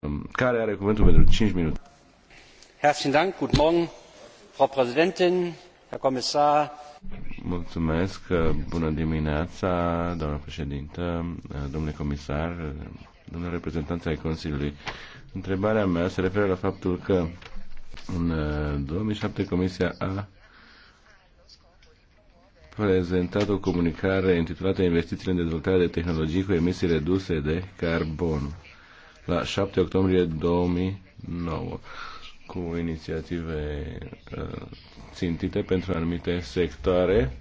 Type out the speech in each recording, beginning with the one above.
Um, care are cuvântul pentru cinci minute. Herzlichen Dank, guten Morgen, Frau Präsidentin, Herr Kommissar. Mulțumesc, uh, bună dimineața, doamnă președintă, uh, domnule comisar, uh, domnule reprezentant ai Consiliului. Întrebarea mea se referă la faptul că în 2007 Comisia a prezentat o comunicare intitulată Investițiile în dezvoltarea de tehnologii cu emisii reduse de carbon la 7 octombrie 2009 cu inițiative uh, țintite pentru anumite sectoare,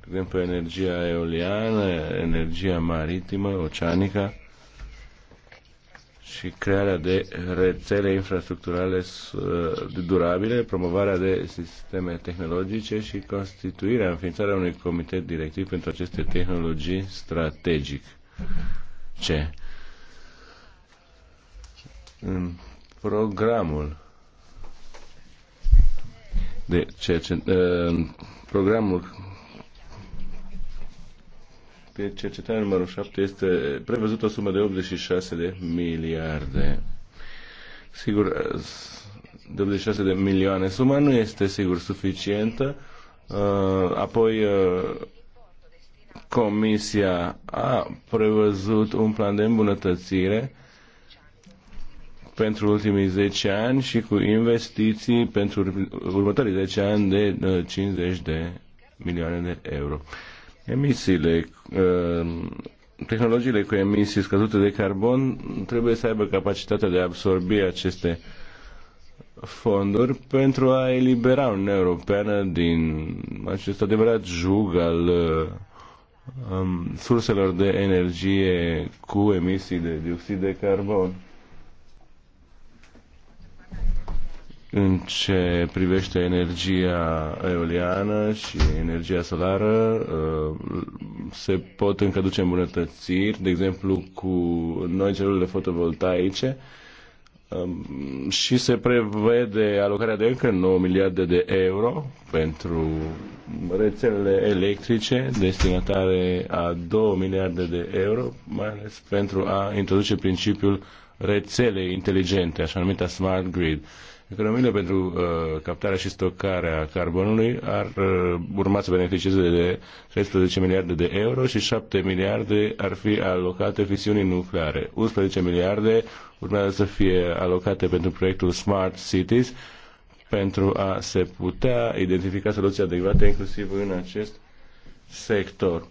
de exemplu energia eoliană, energia maritimă, oceanică și crearea de rețele infrastructurale uh, durabile, promovarea de sisteme tehnologice și constituirea, înființarea unui comitet directiv pentru aceste tehnologii strategic. Ce? în programul de ce, ă, în programul de cercetare numărul 7 este prevăzută o sumă de 86 de miliarde. Sigur, 26 ă, de milioane. Suma nu este sigur suficientă. Ă, apoi Comisia a prevăzut un plan de îmbunătățire pentru ultimii 10 ani și cu investiții pentru următorii 10 ani de 50 uh, de milioane de euro. Emisiile, uh, tehnologiile cu emisii scăzute de carbon trebuie să aibă capacitatea de a absorbi aceste fonduri pentru a elibera Uniunea Europeană din acest adevărat jug al uh, um, surselor de energie cu emisii de dioxid de carbon. În ce privește energia eoliană și energia solară, uh, se pot încă duce îmbunătățiri, de exemplu cu noi celulele fotovoltaice, um, și se prevede alocarea de încă 9 miliarde de euro pentru rețelele electrice destinatare a 2 miliarde de euro, mai ales pentru a introduce principiul rețelei inteligente, așa numită smart grid. Economiile pentru uh, captarea și stocarea carbonului ar uh, urma să beneficieze de 13 miliarde de euro și 7 miliarde ar fi alocate fisiunii nucleare. 11 miliarde urmează să fie alocate pentru proiectul Smart Cities pentru a se putea identifica soluții adecvate inclusiv în acest sector.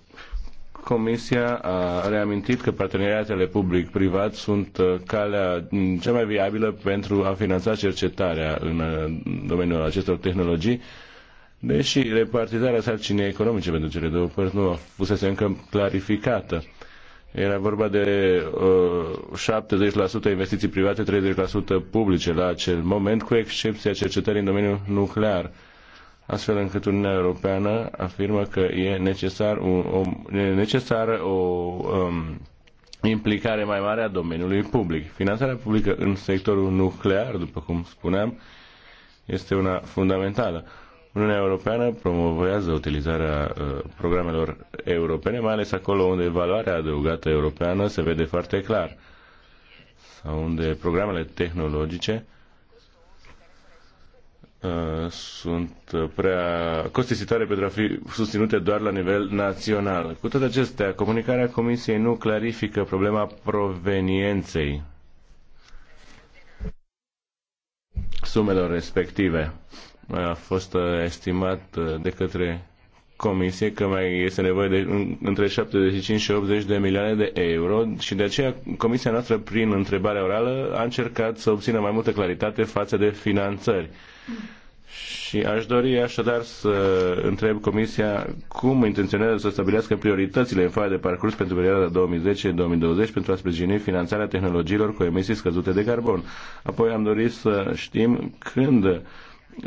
Comisia a reamintit că parteneriatele public-privat sunt uh, calea mm, cea mai viabilă pentru a finanța cercetarea în uh, domeniul acestor tehnologii, deși repartizarea sarcinii economice pentru cele două părți nu a fusese încă clarificată. Era vorba de uh, 70% investiții private, 30% publice la acel moment, cu excepția cercetării în domeniul nuclear astfel încât Uniunea Europeană afirmă că e necesar, un, o, e necesară o um, implicare mai mare a domeniului public. Finanțarea publică în sectorul nuclear, după cum spuneam, este una fundamentală. Uniunea Europeană promovează utilizarea uh, programelor europene, mai ales acolo unde valoarea adăugată europeană se vede foarte clar sau unde programele tehnologice Uh, sunt uh, prea costisitoare pentru a fi susținute doar la nivel național. Cu toate acestea, comunicarea Comisiei nu clarifică problema provenienței sumelor respective. A fost uh, estimat de către Comisie că mai este nevoie de între 75 și 80 de milioane de euro și de aceea Comisia noastră, prin întrebarea orală, a încercat să obțină mai multă claritate față de finanțări și aș dori așadar să întreb Comisia cum intenționează să stabilească prioritățile în foaia de parcurs pentru perioada 2010-2020 pentru a sprijini finanțarea tehnologiilor cu emisii scăzute de carbon. Apoi am dorit să știm când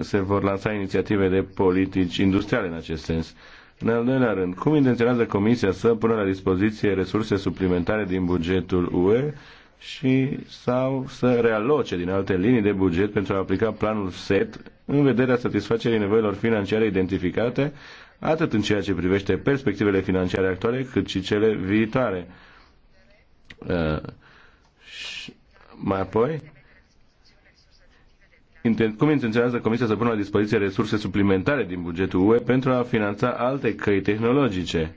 se vor lansa inițiative de politici industriale în acest sens. În al doilea rând, cum intenționează Comisia să pună la dispoziție resurse suplimentare din bugetul UE și sau să realoce din alte linii de buget pentru a aplica planul SET în vederea satisfacerii nevoilor financiare identificate, atât în ceea ce privește perspectivele financiare actuale, cât și cele viitoare. Uh, și mai apoi, cum intenționează Comisia să pună la dispoziție resurse suplimentare din bugetul UE pentru a finanța alte căi tehnologice?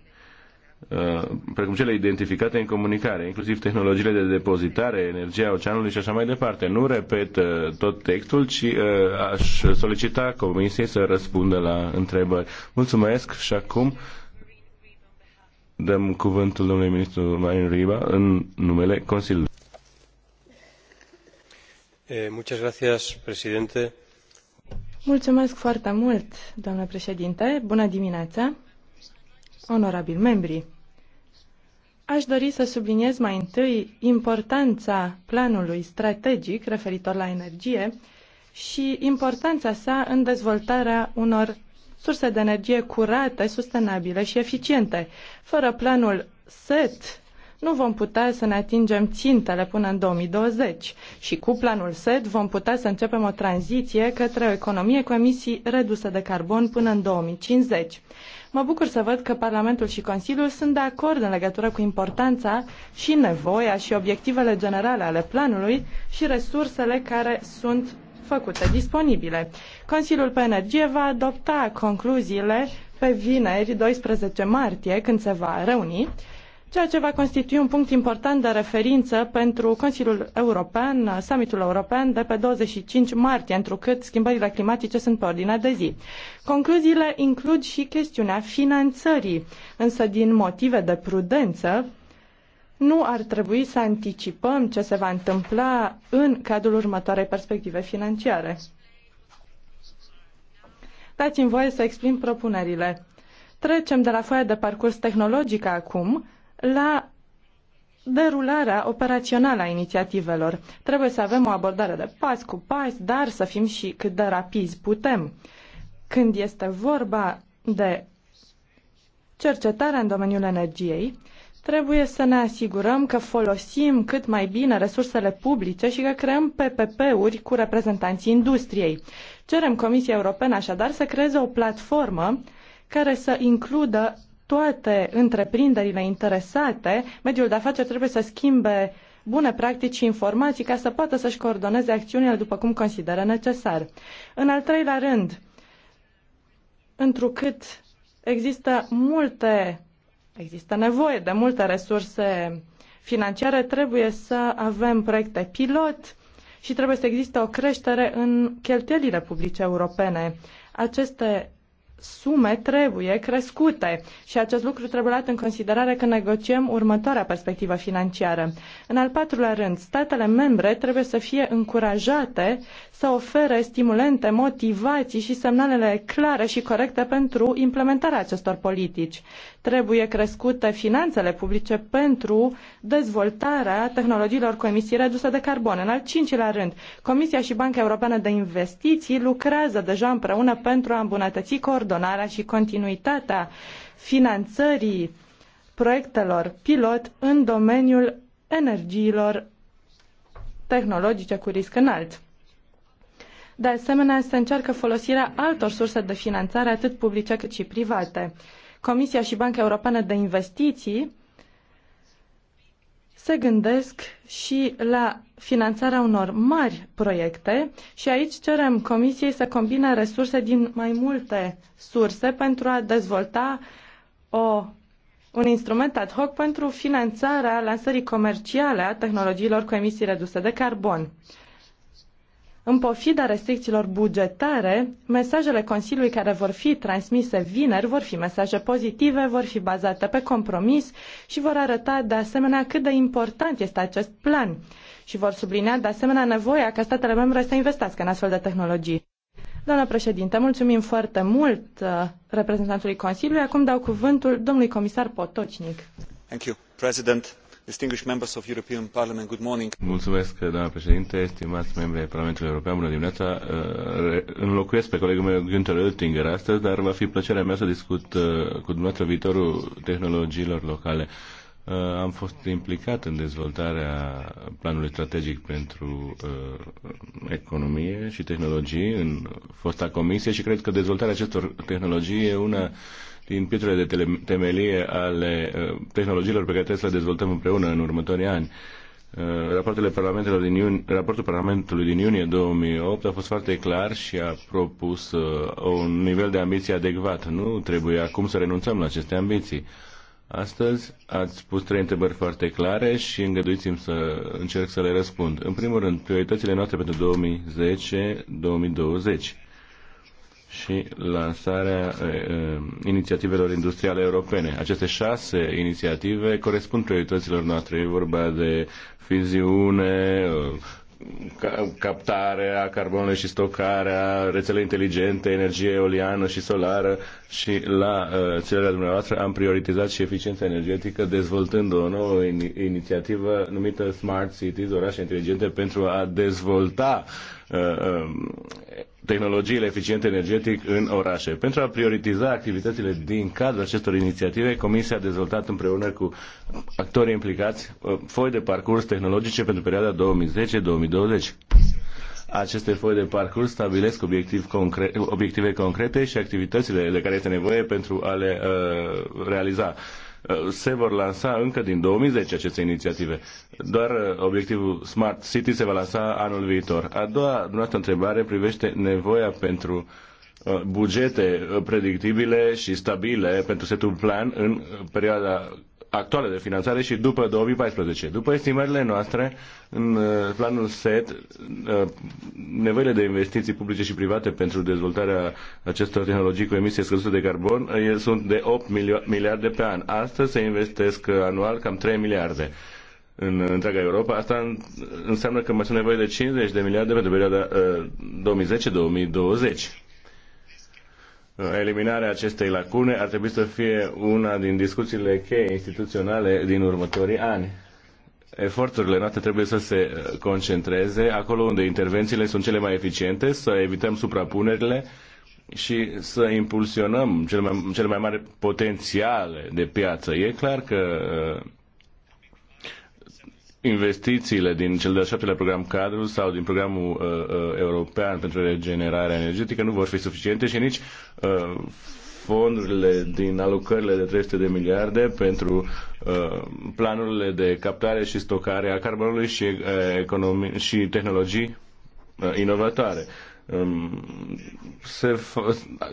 Uh, precum cele identificate în comunicare, inclusiv tehnologiile de depozitare, energia oceanului și așa mai departe. Nu repet uh, tot textul, ci uh, aș solicita Comisiei să răspundă la întrebări. Mulțumesc și acum dăm cuvântul domnului ministru Marin Riba în numele Consiliului. Eh, muchas gracias, presidente. Mulțumesc foarte mult, doamnă președinte. Bună dimineața onorabil membri, aș dori să subliniez mai întâi importanța planului strategic referitor la energie și importanța sa în dezvoltarea unor surse de energie curate, sustenabile și eficiente. Fără planul SET, nu vom putea să ne atingem țintele până în 2020 și cu planul SET vom putea să începem o tranziție către o economie cu emisii reduse de carbon până în 2050. Mă bucur să văd că Parlamentul și Consiliul sunt de acord în legătură cu importanța și nevoia și obiectivele generale ale planului și resursele care sunt făcute disponibile. Consiliul pe Energie va adopta concluziile pe vineri 12 martie, când se va reuni ceea ce va constitui un punct important de referință pentru Consiliul European, summitul european de pe 25 martie, întrucât schimbările climatice sunt pe ordinea de zi. Concluziile includ și chestiunea finanțării, însă din motive de prudență, nu ar trebui să anticipăm ce se va întâmpla în cadrul următoarei perspective financiare. Dați-mi voie să exprim propunerile. Trecem de la foaia de parcurs tehnologică acum la derularea operațională a inițiativelor. Trebuie să avem o abordare de pas cu pas, dar să fim și cât de rapizi putem. Când este vorba de cercetarea în domeniul energiei, trebuie să ne asigurăm că folosim cât mai bine resursele publice și că creăm PPP-uri cu reprezentanții industriei. Cerem Comisiei Europene așadar să creeze o platformă care să includă toate întreprinderile interesate, mediul de afaceri trebuie să schimbe bune practici și informații ca să poată să-și coordoneze acțiunile după cum consideră necesar. În al treilea rând, întrucât există multe, există nevoie de multe resurse financiare, trebuie să avem proiecte pilot și trebuie să existe o creștere în cheltuielile publice europene. Aceste sume trebuie crescute și acest lucru trebuie luat în considerare când negociem următoarea perspectivă financiară. În al patrulea rând, statele membre trebuie să fie încurajate să ofere stimulente, motivații și semnalele clare și corecte pentru implementarea acestor politici. Trebuie crescute finanțele publice pentru dezvoltarea tehnologiilor cu emisii reduse de carbon. În al cincilea rând, Comisia și Banca Europeană de Investiții lucrează deja împreună pentru a îmbunătăți coordonarea și continuitatea finanțării proiectelor pilot în domeniul energiilor tehnologice cu risc înalt. De asemenea, se încearcă folosirea altor surse de finanțare, atât publice cât și private. Comisia și Banca Europeană de Investiții se gândesc și la finanțarea unor mari proiecte și aici cerem Comisiei să combine resurse din mai multe surse pentru a dezvolta o, un instrument ad hoc pentru finanțarea lansării comerciale a tehnologiilor cu emisii reduse de carbon. În pofida restricțiilor bugetare, mesajele Consiliului care vor fi transmise vineri vor fi mesaje pozitive, vor fi bazate pe compromis și vor arăta de asemenea cât de important este acest plan și vor sublinea de asemenea nevoia ca statele membre să investească în astfel de tehnologii. Doamna președinte, mulțumim foarte mult uh, reprezentantului Consiliului. Acum dau cuvântul domnului comisar Potocnic. Thank you, President doamnă Mulțumesc, președinte, stimați membri ai Parlamentului European, bună dimineața. Uh, înlocuiesc pe colegul meu Günther Oettinger astăzi, dar va fi plăcerea mea să discut uh, cu dumneavoastră viitorul tehnologiilor locale. Uh, am fost implicat în dezvoltarea planului strategic pentru uh, economie și tehnologii în fosta comisie și cred că dezvoltarea acestor tehnologii e una uh, din pietrele de temelie ale uh, tehnologiilor pe care trebuie să le dezvoltăm împreună în următorii ani. Uh, Raportele parlamentelor din iunie, raportul Parlamentului din iunie 2008 a fost foarte clar și a propus uh, un nivel de ambiție adecvat. Nu trebuie acum să renunțăm la aceste ambiții. Astăzi ați pus trei întrebări foarte clare și îngăduiți-mi să încerc să le răspund. În primul rând, prioritățile noastre pentru 2010-2020 și lansarea uh, inițiativelor industriale europene. Aceste șase inițiative corespund priorităților noastre. E vorba de fiziune, uh, captarea carbonului și stocarea, rețele inteligente, energie eoliană și solară și la uh, țelele dumneavoastră am prioritizat și eficiența energetică dezvoltând o nouă in- inițiativă numită Smart Cities, orașe inteligente pentru a dezvolta uh, uh, tehnologiile eficiente energetic în orașe. Pentru a prioritiza activitățile din cadrul acestor inițiative, Comisia a dezvoltat împreună cu actorii implicați uh, foi de parcurs tehnologice pentru perioada 2010-2020. Aceste foi de parcurs stabilesc obiectiv concre- obiective concrete și activitățile de care este nevoie pentru a le uh, realiza. Uh, se vor lansa încă din 2010 aceste inițiative. Doar uh, obiectivul Smart City se va lansa anul viitor. A doua dumneavoastră întrebare privește nevoia pentru uh, bugete predictibile și stabile pentru setul plan în perioada actuale de finanțare și după 2014. După estimările noastre, în uh, planul SET, uh, nevoile de investiții publice și private pentru dezvoltarea acestor tehnologii cu emisie scăzute de carbon uh, sunt de 8 miliarde pe an. Astăzi se investesc anual cam 3 miliarde în întreaga Europa. Asta înseamnă că mai sunt nevoie de 50 de miliarde pentru perioada 2010-2020 eliminarea acestei lacune ar trebui să fie una din discuțiile cheie instituționale din următorii ani. Eforturile noastre trebuie să se uh, concentreze acolo unde intervențiile sunt cele mai eficiente, să evităm suprapunerile și să impulsionăm cele mai, cele mai mari potențiale de piață. E clar că uh, investițiile din cel de-al șaptelea program cadru sau din programul uh, uh, european pentru regenerarea energetică nu vor fi suficiente și nici uh, fondurile din alocările de 300 de miliarde pentru uh, planurile de captare și stocare a carbonului și, uh, economi- și tehnologii uh, inovatoare. Um, se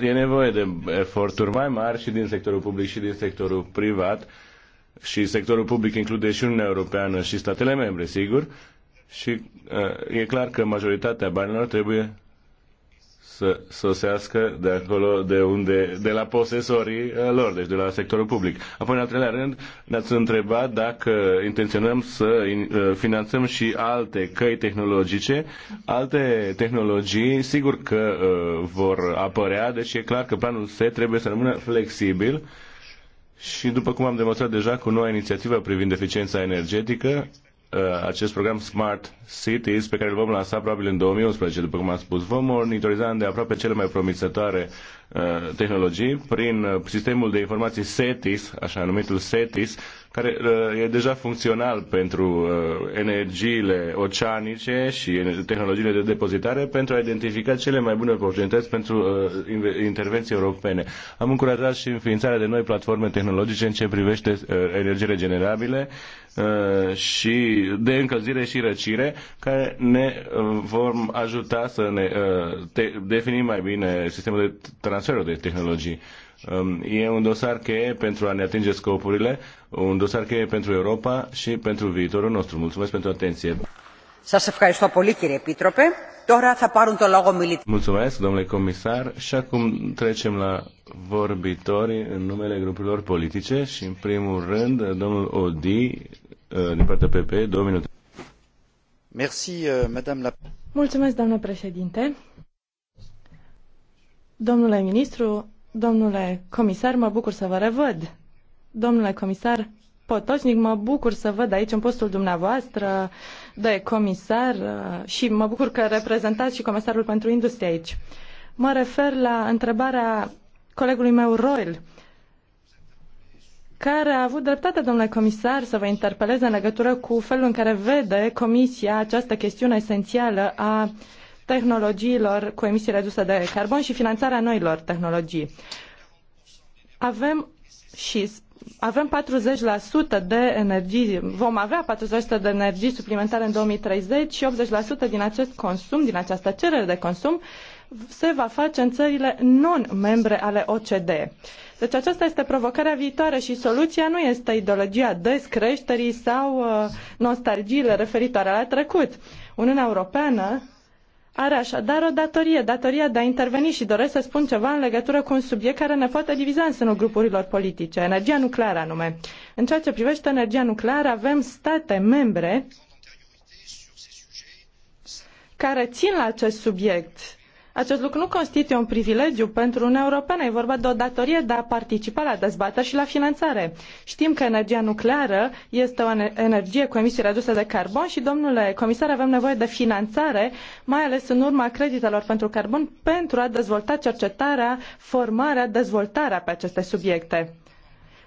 e nevoie de eforturi mai mari și din sectorul public și din sectorul privat uh, și sectorul public include și Uniunea Europeană și statele membre, sigur, și uh, e clar că majoritatea banilor trebuie să sosească de acolo de unde, de la posesorii uh, lor, deci de la sectorul public. Apoi, în al treilea rând, ne-ați întrebat dacă intenționăm să uh, finanțăm și alte căi tehnologice, alte tehnologii, sigur că uh, vor apărea, deci e clar că planul C trebuie să rămână flexibil și după cum am demonstrat deja cu noua inițiativă privind eficiența energetică, Uh, acest program Smart Cities pe care îl vom lansa probabil în 2011, după cum am spus. Vom monitoriza de aproape cele mai promițătoare uh, tehnologii prin uh, sistemul de informații SETIS, așa numitul SETIS, care e deja funcțional pentru energiile oceanice și tehnologiile de depozitare pentru a identifica cele mai bune oportunități pentru intervenții europene. Am încurajat și înființarea de noi platforme tehnologice în ce privește energii regenerabile, Uh, și de încălzire și răcire care ne uh, vor ajuta să ne uh, definim mai bine sistemul de transfer de tehnologii. Um, e un dosar cheie pentru a ne atinge scopurile, un dosar cheie pentru Europa și pentru viitorul nostru. Mulțumesc pentru atenție. Să se facă κύριε Επίτροπε. Τώρα θα πάρουν το λόγο μιλητή. Mulțumesc, domnule comisar. Și acum trecem la vorbitori în numele grupurilor politice și în primul rând domnul Odi Eh, din două minute. Eh, Mulțumesc, președinte. Domnule ministru, domnule comisar, mă bucur să vă revăd. Domnule comisar potonik mă bucur să văd aici în postul dumneavoastră de comisar eh, și mă bucur că reprezentați și comisarul pentru industrie aici. Mă refer la întrebarea colegului meu Roil care a avut dreptate, domnule comisar, să vă interpeleze în legătură cu felul în care vede Comisia această chestiune esențială a tehnologiilor cu emisii reduse de carbon și finanțarea noilor tehnologii. Avem și avem 40% de energie, vom avea 40% de energie suplimentare în 2030 și 80% din acest consum, din această cerere de consum, se va face în țările non-membre ale OCDE. Deci aceasta este provocarea viitoare și soluția nu este ideologia descreșterii sau uh, nostalgiile referitoare la trecut. Uniunea Europeană are așadar o datorie, datoria de a interveni și doresc să spun ceva în legătură cu un subiect care ne poate diviza în sânul grupurilor politice, energia nucleară anume. În ceea ce privește energia nucleară, avem state membre care țin la acest subiect acest lucru nu constituie un privilegiu pentru Uniunea Europeană, e vorba de o datorie de a participa la dezbateri și la finanțare. Știm că energia nucleară este o energie cu emisii reduse de carbon și, domnule comisar, avem nevoie de finanțare, mai ales în urma creditelor pentru carbon, pentru a dezvolta cercetarea, formarea, dezvoltarea pe aceste subiecte.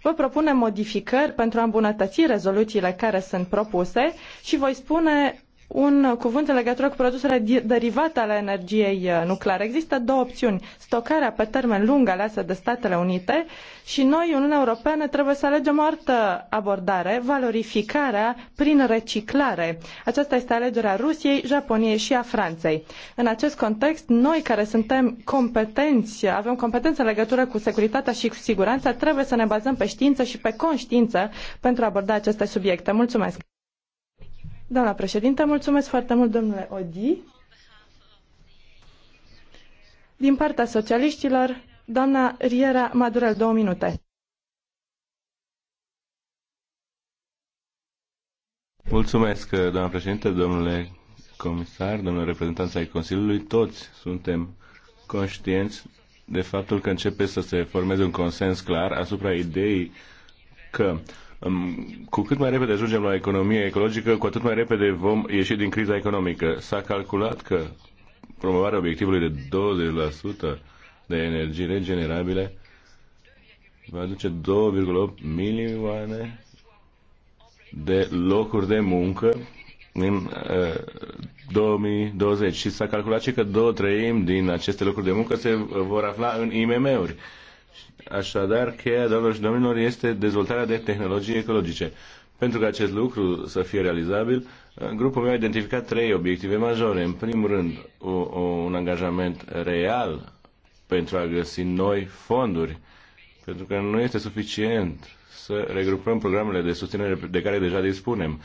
Vă propunem modificări pentru a îmbunătăți rezoluțiile care sunt propuse și voi spune un cuvânt în legătură cu produsele derivate ale energiei uh, nucleare. Există două opțiuni. Stocarea pe termen lung aleasă de Statele Unite și noi, Uniunea Europeană, trebuie să alegem o altă abordare, valorificarea prin reciclare. Aceasta este alegerea Rusiei, Japoniei și a Franței. În acest context, noi care suntem competenți, avem competență în legătură cu securitatea și cu siguranța, trebuie să ne bazăm pe știință și pe conștiință pentru a aborda aceste subiecte. Mulțumesc! Doamna președinte, mulțumesc foarte mult, domnule Odi. Din partea socialiștilor, doamna Riera Madurel, două minute. Mulțumesc, doamna președinte, domnule comisar, domnule reprezentanță ai Consiliului. Toți suntem conștienți de faptul că începe să se formeze un consens clar asupra ideii că cu cât mai repede ajungem la economie ecologică, cu atât mai repede vom ieși din criza economică. S-a calculat că promovarea obiectivului de 20% de energii regenerabile va aduce 2,8 milioane de locuri de muncă în uh, 2020 și s-a calculat și că două treimi din aceste locuri de muncă se vor afla în IMM-uri. Așadar, cheia, doamnelor și domnilor, este dezvoltarea de tehnologii ecologice. Pentru ca acest lucru să fie realizabil, grupul meu a identificat trei obiective majore. În primul rând, o, o, un angajament real pentru a găsi noi fonduri, pentru că nu este suficient să regrupăm programele de susținere de care deja dispunem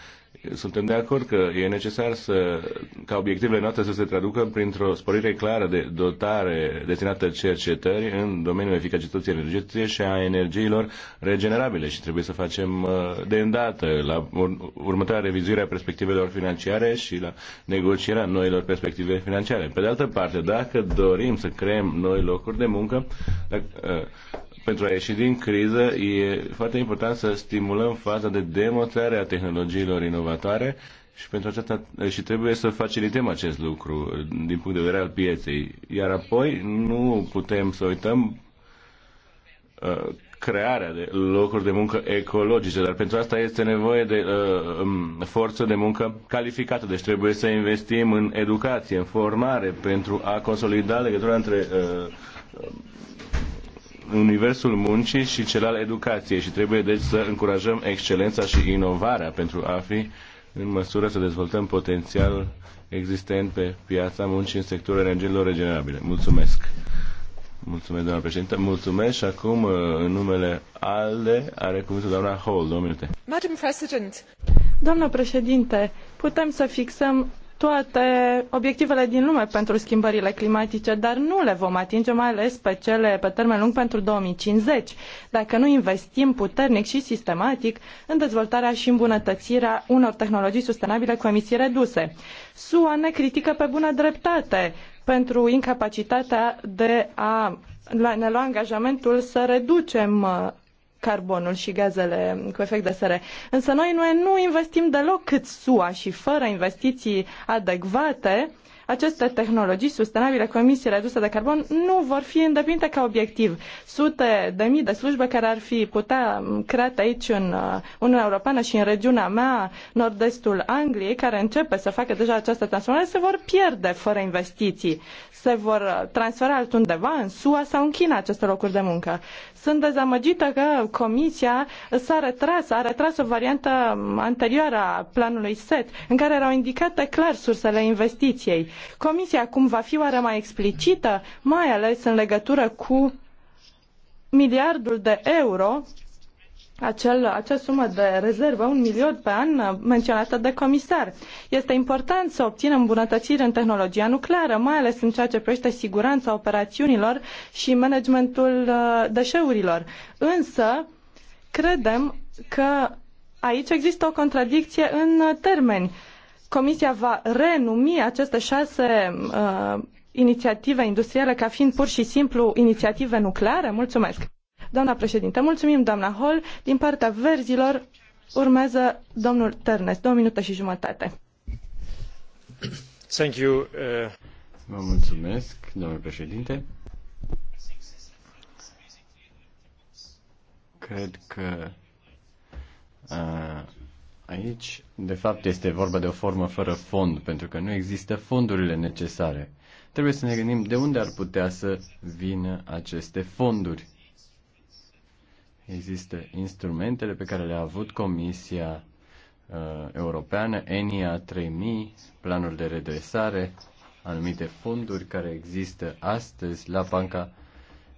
suntem de acord că e necesar să, ca obiectivele noastre să se traducă printr-o sporire clară de dotare destinată cercetării în domeniul eficacității energetice și a energiilor regenerabile și trebuie să facem uh, de îndată la următoarea revizuire a perspectivelor financiare și la negocierea noilor perspective financiare. Pe de altă parte, dacă dorim să creăm noi locuri de muncă, dacă, uh, pentru a ieși din criză e foarte important să stimulăm faza de demonstrare a tehnologiilor inovatoare și pentru aceasta și trebuie să facilităm acest lucru din punct de vedere al pieței. Iar apoi nu putem să uităm uh, crearea de locuri de muncă ecologice, dar pentru asta este nevoie de uh, forță de muncă calificată, deci trebuie să investim în educație, în formare, pentru a consolida legătura între uh, universul muncii și cel al educației și trebuie deci să încurajăm excelența și inovarea pentru a fi în măsură să dezvoltăm potențialul existent pe piața muncii în sectorul energiilor regenerabile. Mulțumesc! Mulțumesc, doamna președintă. Mulțumesc și acum, uh, în numele ALDE, are cuvântul doamna Hall. Două minute. Madam President. Doamna președinte, putem să fixăm toate obiectivele din lume pentru schimbările climatice, dar nu le vom atinge, mai ales pe cele pe termen lung pentru 2050, dacă nu investim puternic și sistematic în dezvoltarea și îmbunătățirea unor tehnologii sustenabile cu emisii reduse. SUA ne critică pe bună dreptate pentru incapacitatea de a ne lua angajamentul să reducem uh, carbonul și gazele cu efect de seră. Însă noi nu, nu investim deloc cât SUA și fără investiții adecvate, aceste tehnologii sustenabile cu emisii reduse de carbon nu vor fi îndeplinite ca obiectiv. Sute de mii de slujbe care ar fi putea create aici în uh, Uniunea Europeană și în regiunea mea, nord-estul Angliei, care începe să facă deja această transformare, se vor pierde fără investiții. Se vor transfera altundeva, în SUA sau în China, aceste locuri de muncă. Sunt dezamăgită că Comisia s-a retras, a retras o variantă anterioară a planului SET, în care erau indicate clar sursele investiției. Comisia acum va fi oare mai explicită, mai ales în legătură cu miliardul de euro acel, acea sumă de rezervă, un milion pe an, uh, menționată de comisar. Este important să obținem îmbunătățiri în tehnologia nucleară, mai ales în ceea ce privește siguranța operațiunilor și managementul uh, deșeurilor. Însă, credem că aici există o contradicție în uh, termeni. Comisia va renumi aceste șase uh, inițiative industriale ca fiind pur și simplu inițiative nucleare? Mulțumesc! Doamna președinte, mulțumim, doamna Hall. Din partea verzilor urmează domnul Ternes, două minute și jumătate. Thank you, uh... Vă mulțumesc, domnule președinte. Cred că uh, aici, de fapt, este vorba de o formă fără fond, pentru că nu există fondurile necesare. Trebuie să ne gândim de unde ar putea să vină aceste fonduri Există instrumentele pe care le-a avut Comisia uh, Europeană, ENIA 3000, planul de redresare, anumite fonduri care există astăzi la Banca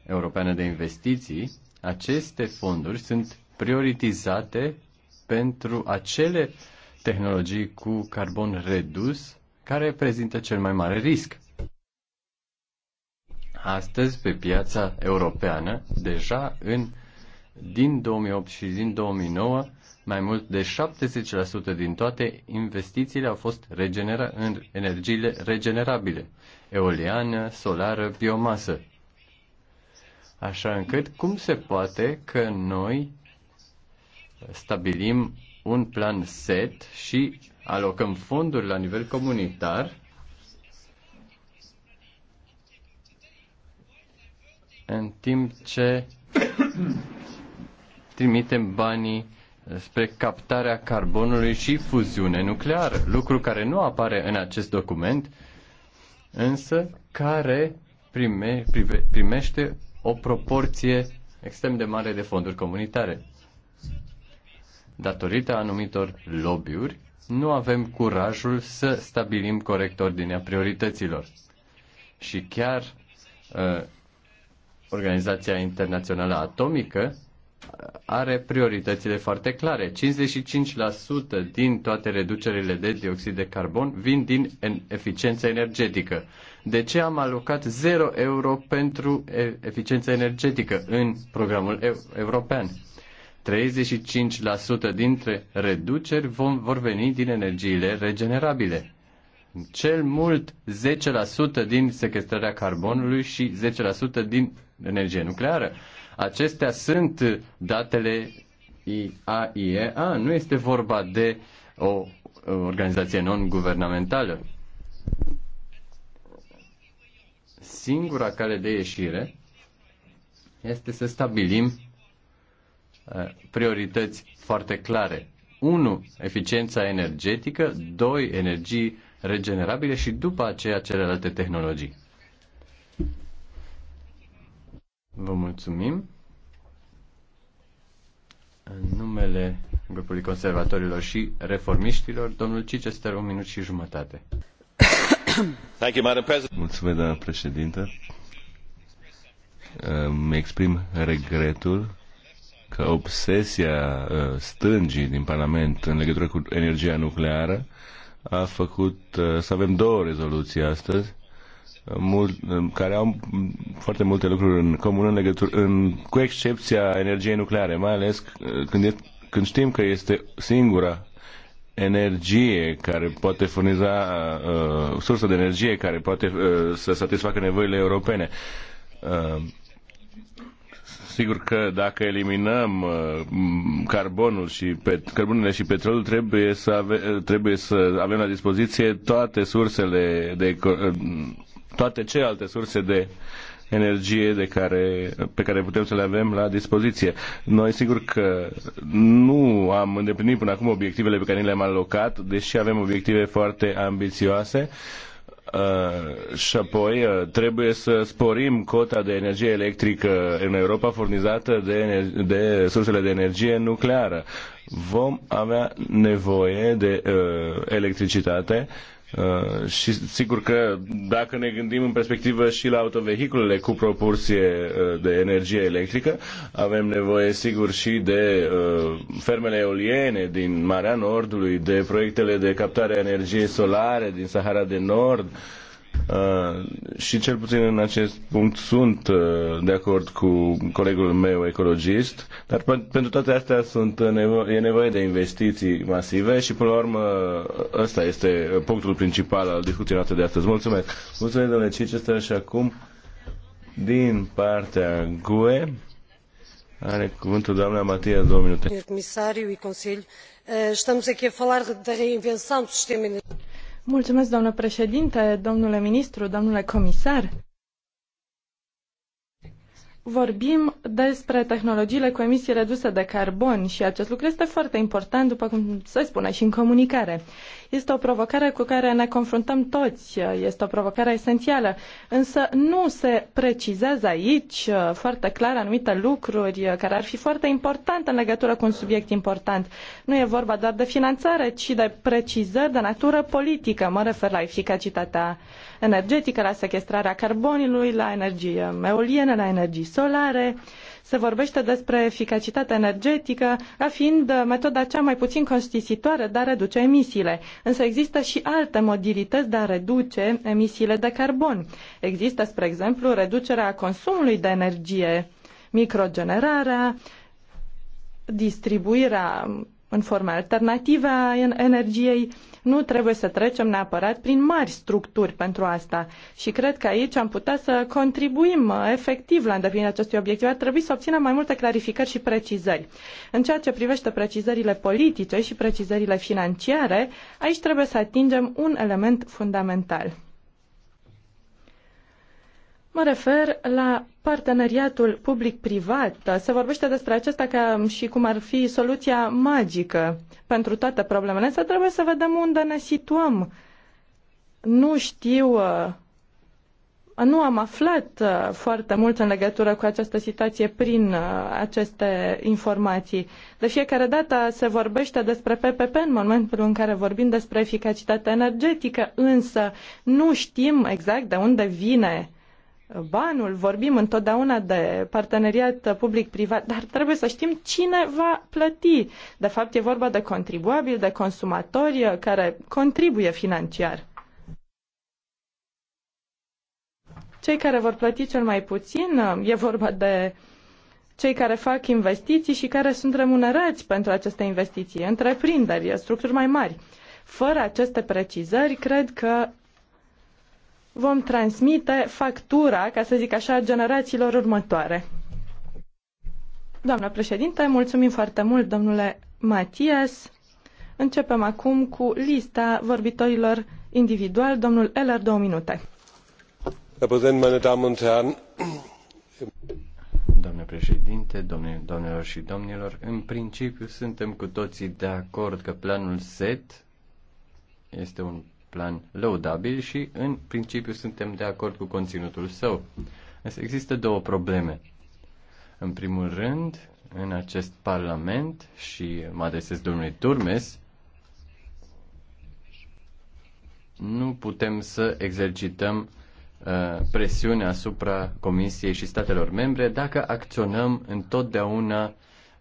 Europeană de Investiții. Aceste fonduri sunt prioritizate pentru acele tehnologii cu carbon redus care prezintă cel mai mare risc. Astăzi, pe piața europeană, deja în din 2008 și din 2009, mai mult de 70% din toate investițiile au fost regenera- în energiile regenerabile, eoliană, solară, biomasă. Așa încât, cum se poate că noi stabilim un plan set și alocăm fonduri la nivel comunitar în timp ce trimitem banii eh, spre captarea carbonului și fuziune nucleară, lucru care nu apare în acest document, însă care prime, prive, primește o proporție extrem de mare de fonduri comunitare. Datorită anumitor lobby-uri, nu avem curajul să stabilim corect ordinea priorităților. Și chiar uh, Organizația Internațională Atomică are prioritățile foarte clare. 55% din toate reducerile de dioxid de carbon vin din eficiență energetică. De ce am alocat 0 euro pentru eficiență energetică în programul european? 35% dintre reduceri vom, vor veni din energiile regenerabile. Cel mult 10% din sequestrarea carbonului și 10% din energie nucleară. Acestea sunt datele IAIEA, nu este vorba de o organizație non-guvernamentală. Singura cale de ieșire este să stabilim uh, priorități foarte clare. 1. Eficiența energetică, 2. Energii regenerabile și după aceea celelalte tehnologii. Vă mulțumim. În numele grupului conservatorilor și reformiștilor, domnul Cicester, un minut și jumătate. Mulțumesc, doamna președintă. Îmi exprim regretul că obsesia ă, stângii din Parlament în legătură cu energia nucleară a făcut ă, să avem două rezoluții astăzi mult, care au foarte multe lucruri în comun în legătură, în, cu excepția energiei nucleare, mai ales uh, când, e, când știm că este singura energie care poate furniza, uh, sursă de energie care poate uh, să satisfacă nevoile europene. Uh, sigur că dacă eliminăm uh, carbonul și pet- și petrolul, trebuie să, ave- trebuie să avem la dispoziție toate sursele de uh, toate celelalte surse de energie de care, pe care putem să le avem la dispoziție. Noi sigur că nu am îndeplinit până acum obiectivele pe care ni le-am alocat, deși avem obiective foarte ambițioase. Uh, și apoi uh, trebuie să sporim cota de energie electrică în Europa furnizată de, de sursele de energie nucleară. Vom avea nevoie de uh, electricitate uh, Uh, și sigur că dacă ne gândim în perspectivă și la autovehiculele cu proporție uh, de energie electrică, avem nevoie sigur și de uh, fermele eoliene din Marea Nordului, de proiectele de captare a energiei solare din Sahara de Nord, Uh, și cel puțin în acest punct sunt uh, de acord cu colegul meu ecologist, dar pentru toate astea sunt uh, nevo- e nevoie de investiții masive și până la urmă ăsta este punctul principal al discuției noastre de astăzi. Mulțumesc! Mulțumesc, domnule Cicester, și acum din partea GUE are cuvântul doamna Matia, două minute. Comisariu și Consiliu, stăm aici a falar da reinvenção do sistema energético Mulțumesc, doamnă președinte, domnule ministru, domnule comisar. Vorbim despre tehnologiile cu emisii reduse de carbon și acest lucru este foarte important, după cum se spune și în comunicare. Este o provocare cu care ne confruntăm toți, este o provocare esențială, însă nu se precizează aici uh, foarte clar anumite lucruri uh, care ar fi foarte importante în legătură cu un subiect important. Nu e vorba doar de finanțare, ci de precizări de natură politică. Mă refer la eficacitatea energetică, la sequestrarea carbonului, la energie eoliene, la energii solare, uh, se vorbește despre eficacitatea energetică ca fiind metoda cea mai puțin costisitoare de a reduce emisiile. Însă există și alte modalități de a reduce emisiile de carbon. Există, spre exemplu, reducerea consumului de energie, microgenerarea, distribuirea în forme alternative a energiei, nu trebuie să trecem neapărat prin mari structuri pentru asta. Și cred că aici am putea să contribuim uh, efectiv la îndeplinirea acestui obiectiv. Ar trebui să obținem mai multe clarificări și precizări. În ceea ce privește precizările politice și precizările financiare, aici trebuie să atingem un element fundamental. Mă refer la parteneriatul public-privat. Se vorbește despre acesta ca și cum ar fi soluția magică pentru toate problemele, însă trebuie să vedem unde ne situăm. Nu știu, uh, nu am aflat uh, foarte mult în legătură cu această situație prin uh, aceste informații. De fiecare dată se vorbește despre PPP în momentul în care vorbim despre eficacitatea energetică, însă nu știm exact de unde vine banul, vorbim întotdeauna de parteneriat public-privat, dar trebuie să știm cine va plăti. De fapt, e vorba de contribuabil, de consumatori care contribuie financiar. Cei care vor plăti cel mai puțin, e vorba de cei care fac investiții și care sunt remunerați pentru aceste investiții, întreprinderi, structuri mai mari. Fără aceste precizări, cred că vom transmite factura, ca să zic așa, generațiilor următoare. Doamna președinte, mulțumim foarte mult, domnule Matias. Începem acum cu lista vorbitorilor individual. Domnul Eller, două minute. Domnule președinte, domnilor și domnilor, în principiu suntem cu toții de acord că planul SET este un plan lăudabil și, în principiu, suntem de acord cu conținutul său. Însă există două probleme. În primul rând, în acest Parlament, și mă adresez domnului Turmes, nu putem să exercităm uh, presiune asupra Comisiei și statelor membre dacă acționăm întotdeauna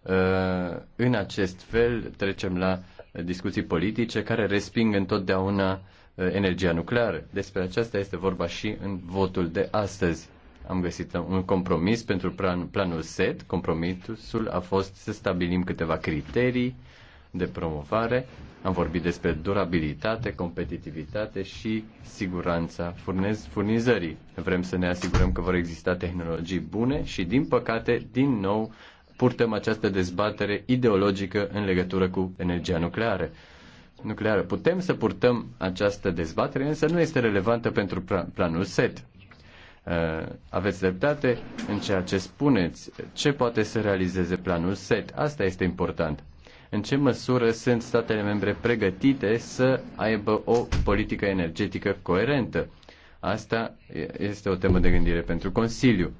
uh, în acest fel, trecem la discuții politice care resping întotdeauna Uh, energia nucleară. Despre aceasta este vorba și în votul de astăzi. Am găsit un compromis pentru plan, planul SET. Compromisul a fost să stabilim câteva criterii de promovare. Am vorbit despre durabilitate, competitivitate și siguranța furnez, furnizării. Vrem să ne asigurăm că vor exista tehnologii bune și, din păcate, din nou purtăm această dezbatere ideologică în legătură cu energia nucleară nucleară. Putem să purtăm această dezbatere, însă nu este relevantă pentru planul SET. Uh, aveți dreptate în ceea ce spuneți. Ce poate să realizeze planul SET? Asta este important. În ce măsură sunt statele membre pregătite să aibă o politică energetică coerentă? Asta este o temă de gândire pentru Consiliu.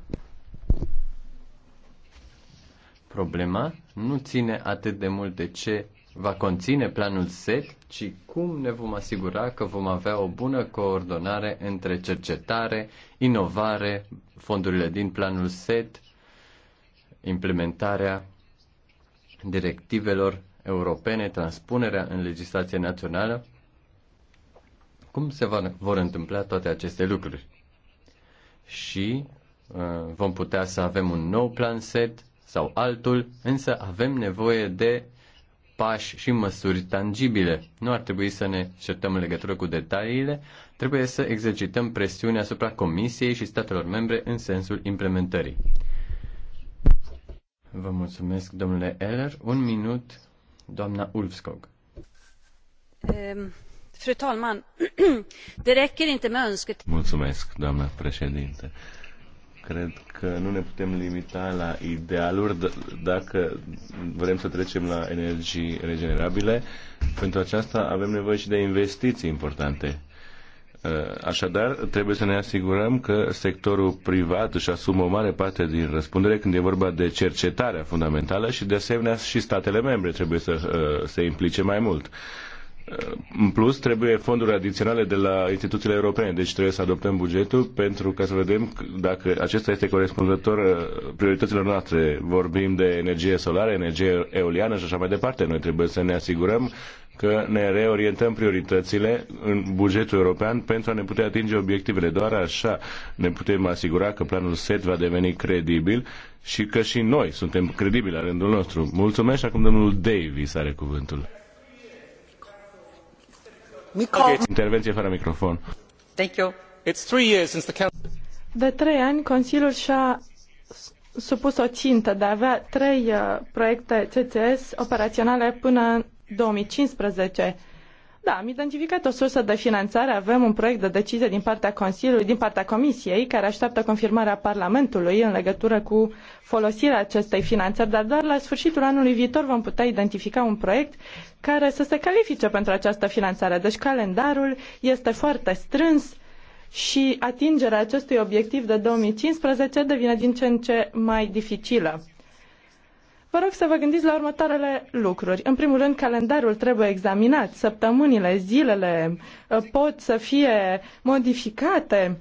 Problema nu ține atât de mult de ce va conține planul SET, ci cum ne vom asigura că vom avea o bună coordonare între cercetare, inovare, fondurile din planul SET, implementarea directivelor europene, transpunerea în legislație națională. Cum se va, vor întâmpla toate aceste lucruri? Și uh, vom putea să avem un nou plan SET sau altul, însă avem nevoie de pași și măsuri tangibile. Nu ar trebui să ne certăm în legătură cu detaliile, trebuie să exercităm presiunea asupra Comisiei și statelor membre în sensul implementării. Vă mulțumesc, domnule Eller. Un minut, doamna Ulfskog. Um, fru talman, det räcker inte med önsket... Mulțumesc, doamna președinte. Uh, Cred că nu ne putem limita la idealuri dacă vrem să trecem la energii regenerabile. Pentru aceasta avem nevoie și de investiții importante. Uh, așadar, trebuie să ne asigurăm că sectorul privat își asumă o mare parte din răspundere când e vorba de cercetarea fundamentală și, de asemenea, și statele membre trebuie să uh, se implice mai mult. În plus, trebuie fonduri adiționale de la instituțiile europene, deci trebuie să adoptăm bugetul pentru ca să vedem dacă acesta este corespunzător uh, priorităților noastre. Vorbim de energie solară, energie eoliană și așa mai departe. Noi trebuie să ne asigurăm că ne reorientăm prioritățile în bugetul european pentru a ne putea atinge obiectivele. Doar așa ne putem asigura că planul SET va deveni credibil și că și noi suntem credibili la rândul nostru. Mulțumesc și acum domnul Davis are cuvântul. Intervenție fără microfon. Thank you. It's three years since the De trei ani, Consiliul și-a supus o țintă de a avea trei uh, proiecte CCS operaționale până în 2015 da, am identificat o sursă de finanțare, avem un proiect de decizie din partea Consiliului, din partea Comisiei, care așteaptă confirmarea Parlamentului în legătură cu folosirea acestei finanțări, dar doar la sfârșitul anului viitor vom putea identifica un proiect care să se califice pentru această finanțare. Deci calendarul este foarte strâns și atingerea acestui obiectiv de 2015 devine din ce în ce mai dificilă. Vă rog să vă gândiți la următoarele lucruri. În primul rând, calendarul trebuie examinat. Săptămânile, zilele uh, pot să fie modificate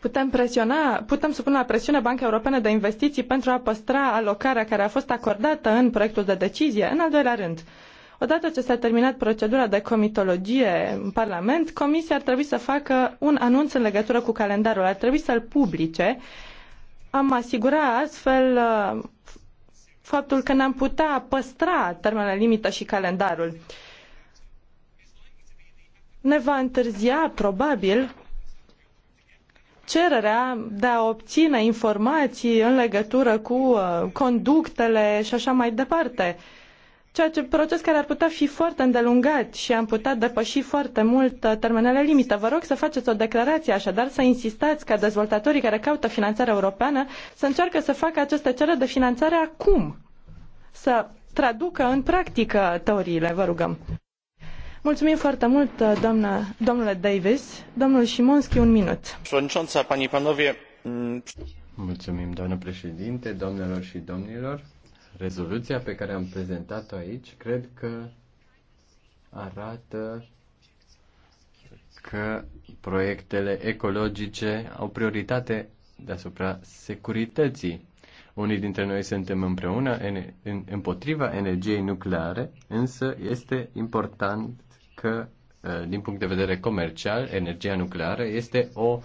putem presiona, putem supune la presiune Banca Europeană de Investiții pentru a păstra alocarea care a fost acordată în proiectul de decizie. În al doilea rând, odată ce s-a terminat procedura de comitologie în Parlament, Comisia ar trebui să facă un anunț în legătură cu calendarul, ar trebui să-l publice. Am asigurat astfel uh, faptul că ne-am putea păstra termenele limită și calendarul. Ne va întârzia, probabil, cererea de a obține informații în legătură cu uh, conductele și așa mai departe. Uh, ceea ce proces care ar putea fi foarte îndelungat și am putea depăși foarte mult uh, termenele limită. Vă rog să faceți o declarație așadar, să insistați ca dezvoltatorii care caută finanțare europeană să încearcă să facă aceste cereri de finanțare acum, să traducă în practică teoriile, vă rugăm. Mulțumim foarte mult, uh, doamna, domnule Davis. Domnul Șimonski, un minut. Mulțumim, doamnă președinte, domnilor și domnilor. Rezoluția pe care am prezentat-o aici cred că arată că proiectele ecologice au prioritate deasupra securității. Unii dintre noi suntem împreună în, împotriva energiei nucleare, însă este important că, ă, din punct de vedere comercial, energia nucleară este o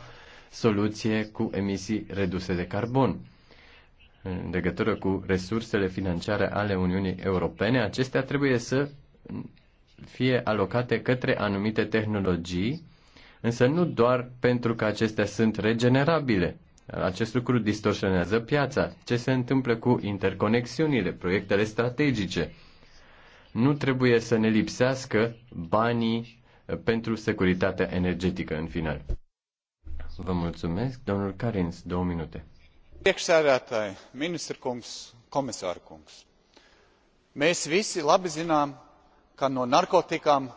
soluție cu emisii reduse de carbon în legătură cu resursele financiare ale Uniunii Europene, acestea trebuie să fie alocate către anumite tehnologii, însă nu doar pentru că acestea sunt regenerabile. Acest lucru distorsionează piața. Ce se întâmplă cu interconexiunile, proiectele strategice? Nu trebuie să ne lipsească banii uh, pentru securitatea energetică în final. Vă mulțumesc, domnul Carins, două minute priekšsēdētāji ministra kungs komisāra kungs mēs visi labi zinām ka no narcoticam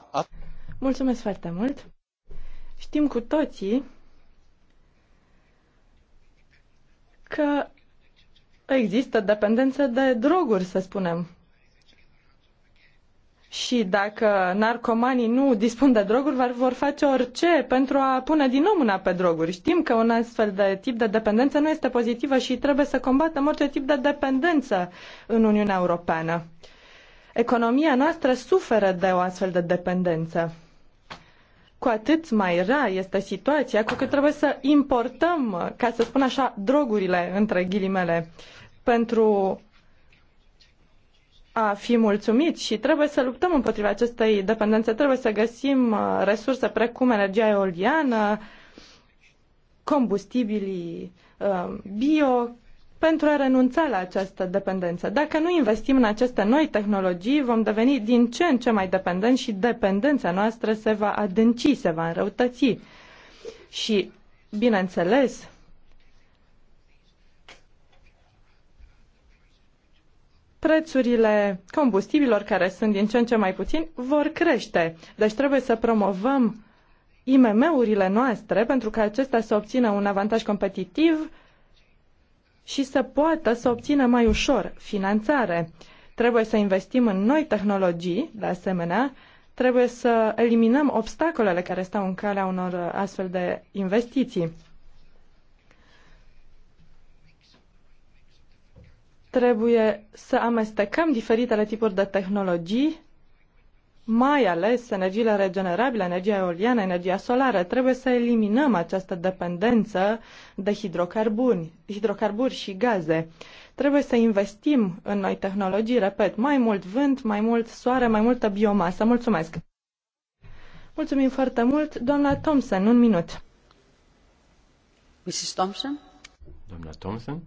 Mulțumesc foarte mult. Știm cu toții că există dependență de droguri, să spunem. Și dacă narcomanii nu dispun de droguri, vor face orice pentru a pune din nou mâna pe droguri. Știm că un astfel de tip de dependență nu este pozitivă și trebuie să combatem orice tip de dependență în Uniunea Europeană. Economia noastră suferă de o astfel de dependență. Cu atât mai rea este situația cu cât trebuie să importăm, ca să spun așa, drogurile, între ghilimele, pentru a fi mulțumit și trebuie să luptăm împotriva acestei dependențe. Trebuie să găsim uh, resurse precum energia eoliană, combustibilii uh, bio, pentru a renunța la această dependență. Dacă nu investim în aceste noi tehnologii, vom deveni din ce în ce mai dependenți și dependența noastră se va adânci, se va înrăutăți. Și, bineînțeles, prețurile combustibilor, care sunt din ce în ce mai puțini, vor crește. Deci trebuie să promovăm IMM-urile noastre pentru că acestea să obțină un avantaj competitiv și să poată să obțină mai ușor finanțare. Trebuie să investim în noi tehnologii, de asemenea, trebuie să eliminăm obstacolele care stau în calea unor astfel de investiții. Trebuie să amestecăm diferitele tipuri de tehnologii, mai ales energiile regenerabile, energia eoliană, energia solară. Trebuie să eliminăm această dependență de hidrocarburi, hidrocarburi și gaze. Trebuie să investim în noi tehnologii, repet, mai mult vânt, mai mult soare, mai multă biomasă. Mulțumesc! Mulțumim foarte mult, doamna Thompson, un minut. Mrs. Thompson? Doamna Thompson?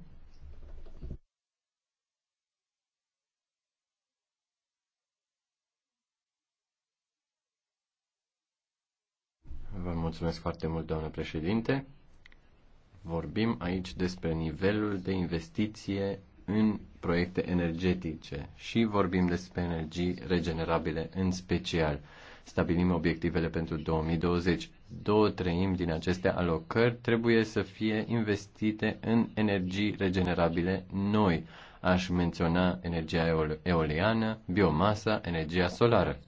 Vă mulțumesc foarte mult, doamnă președinte. Vorbim aici despre nivelul de investiție în proiecte energetice și vorbim despre energii regenerabile în special. Stabilim obiectivele pentru 2020. Două treimi din aceste alocări trebuie să fie investite în energii regenerabile noi. Aș menționa energia eoliană, biomasa, energia solară.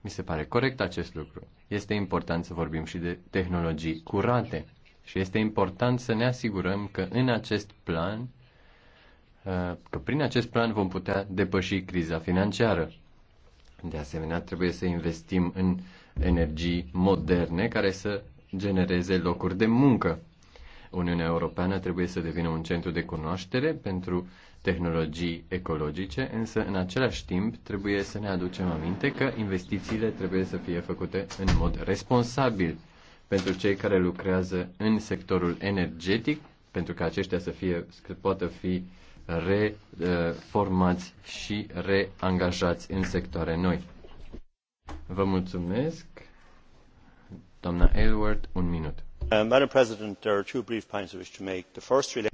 Mi se pare corect acest lucru este important să vorbim și de tehnologii curate. Și este important să ne asigurăm că în acest plan, uh, că prin acest plan vom putea depăși criza financiară. De asemenea, trebuie să investim în energii moderne care să genereze locuri de muncă. Uniunea Europeană trebuie să devină un centru de cunoaștere pentru tehnologii ecologice, însă în același timp trebuie să ne aducem aminte că investițiile trebuie să fie făcute în mod responsabil pentru cei care lucrează în sectorul energetic, pentru că aceștia să fie, să poată fi reformați uh, și reangajați în sectoare noi. Vă mulțumesc. Doamna Elward, un minut. Uh, Doamnă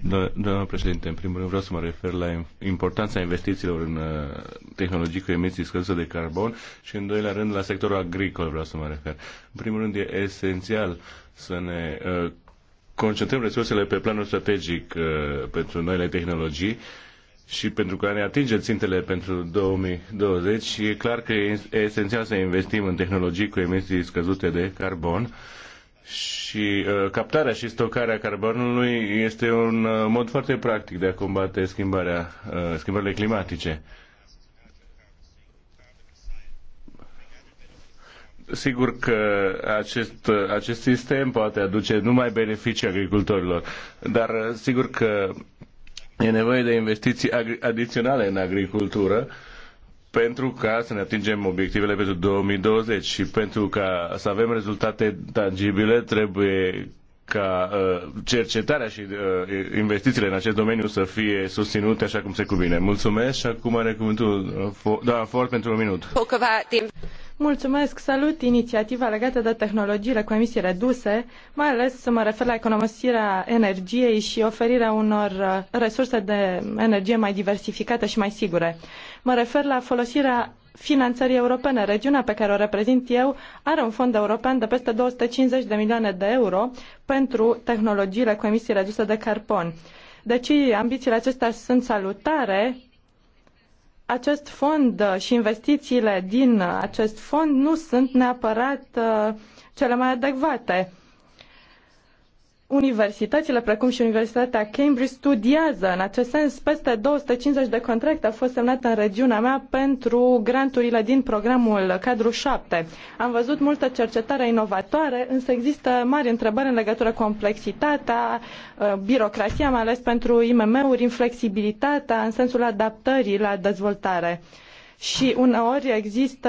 da, da, președinte, în primul rând vreau să mă refer la importanța investițiilor în uh, tehnologii cu emisii scăzute de carbon și în doilea rând la sectorul agricol vreau să mă refer. În primul rând e esențial să ne uh, concentrăm resursele pe planul strategic pentru noile tehnologii și pentru că ne atinge țintele pentru 2020, e clar că e esențial să investim în tehnologii cu emisii scăzute de carbon și uh, captarea și stocarea carbonului este un uh, mod foarte practic de a combate schimbarea, uh, schimbările climatice. Sigur că acest, uh, acest sistem poate aduce numai beneficii agricultorilor, dar uh, sigur că e nevoie de investiții adiționale în agricultură uh, pentru ca să ne atingem obiectivele pentru 2020 și pentru ca să avem rezultate tangibile trebuie ca uh, cercetarea și uh, investițiile în acest domeniu să fie susținute așa cum se cuvine. Mulțumesc și acum are cuvântul uh, doamna Ford pentru un minut. Mulțumesc, salut inițiativa legată de tehnologiile cu emisii reduse, mai ales mă refer la economisirea energiei și oferirea unor uh, resurse de energie mai diversificate și mai sigure. Mă refer la folosirea finanțării europene. Regiunea pe care o reprezint eu are un fond european de peste 250 de milioane de euro pentru tehnologiile cu emisii reduse de carbon. Deci ambițiile acestea sunt salutare acest fond uh, și investițiile din uh, acest fond nu sunt neapărat uh, cele mai adecvate universitățile, precum și Universitatea Cambridge, studiază în acest sens. Peste 250 de contracte au fost semnate în regiunea mea pentru granturile din programul Cadru 7. Am văzut multă cercetare inovatoare, însă există mari întrebări în legătură cu complexitatea, uh, birocrația, mai ales pentru IMM-uri, inflexibilitatea în sensul adaptării la dezvoltare. Și uneori există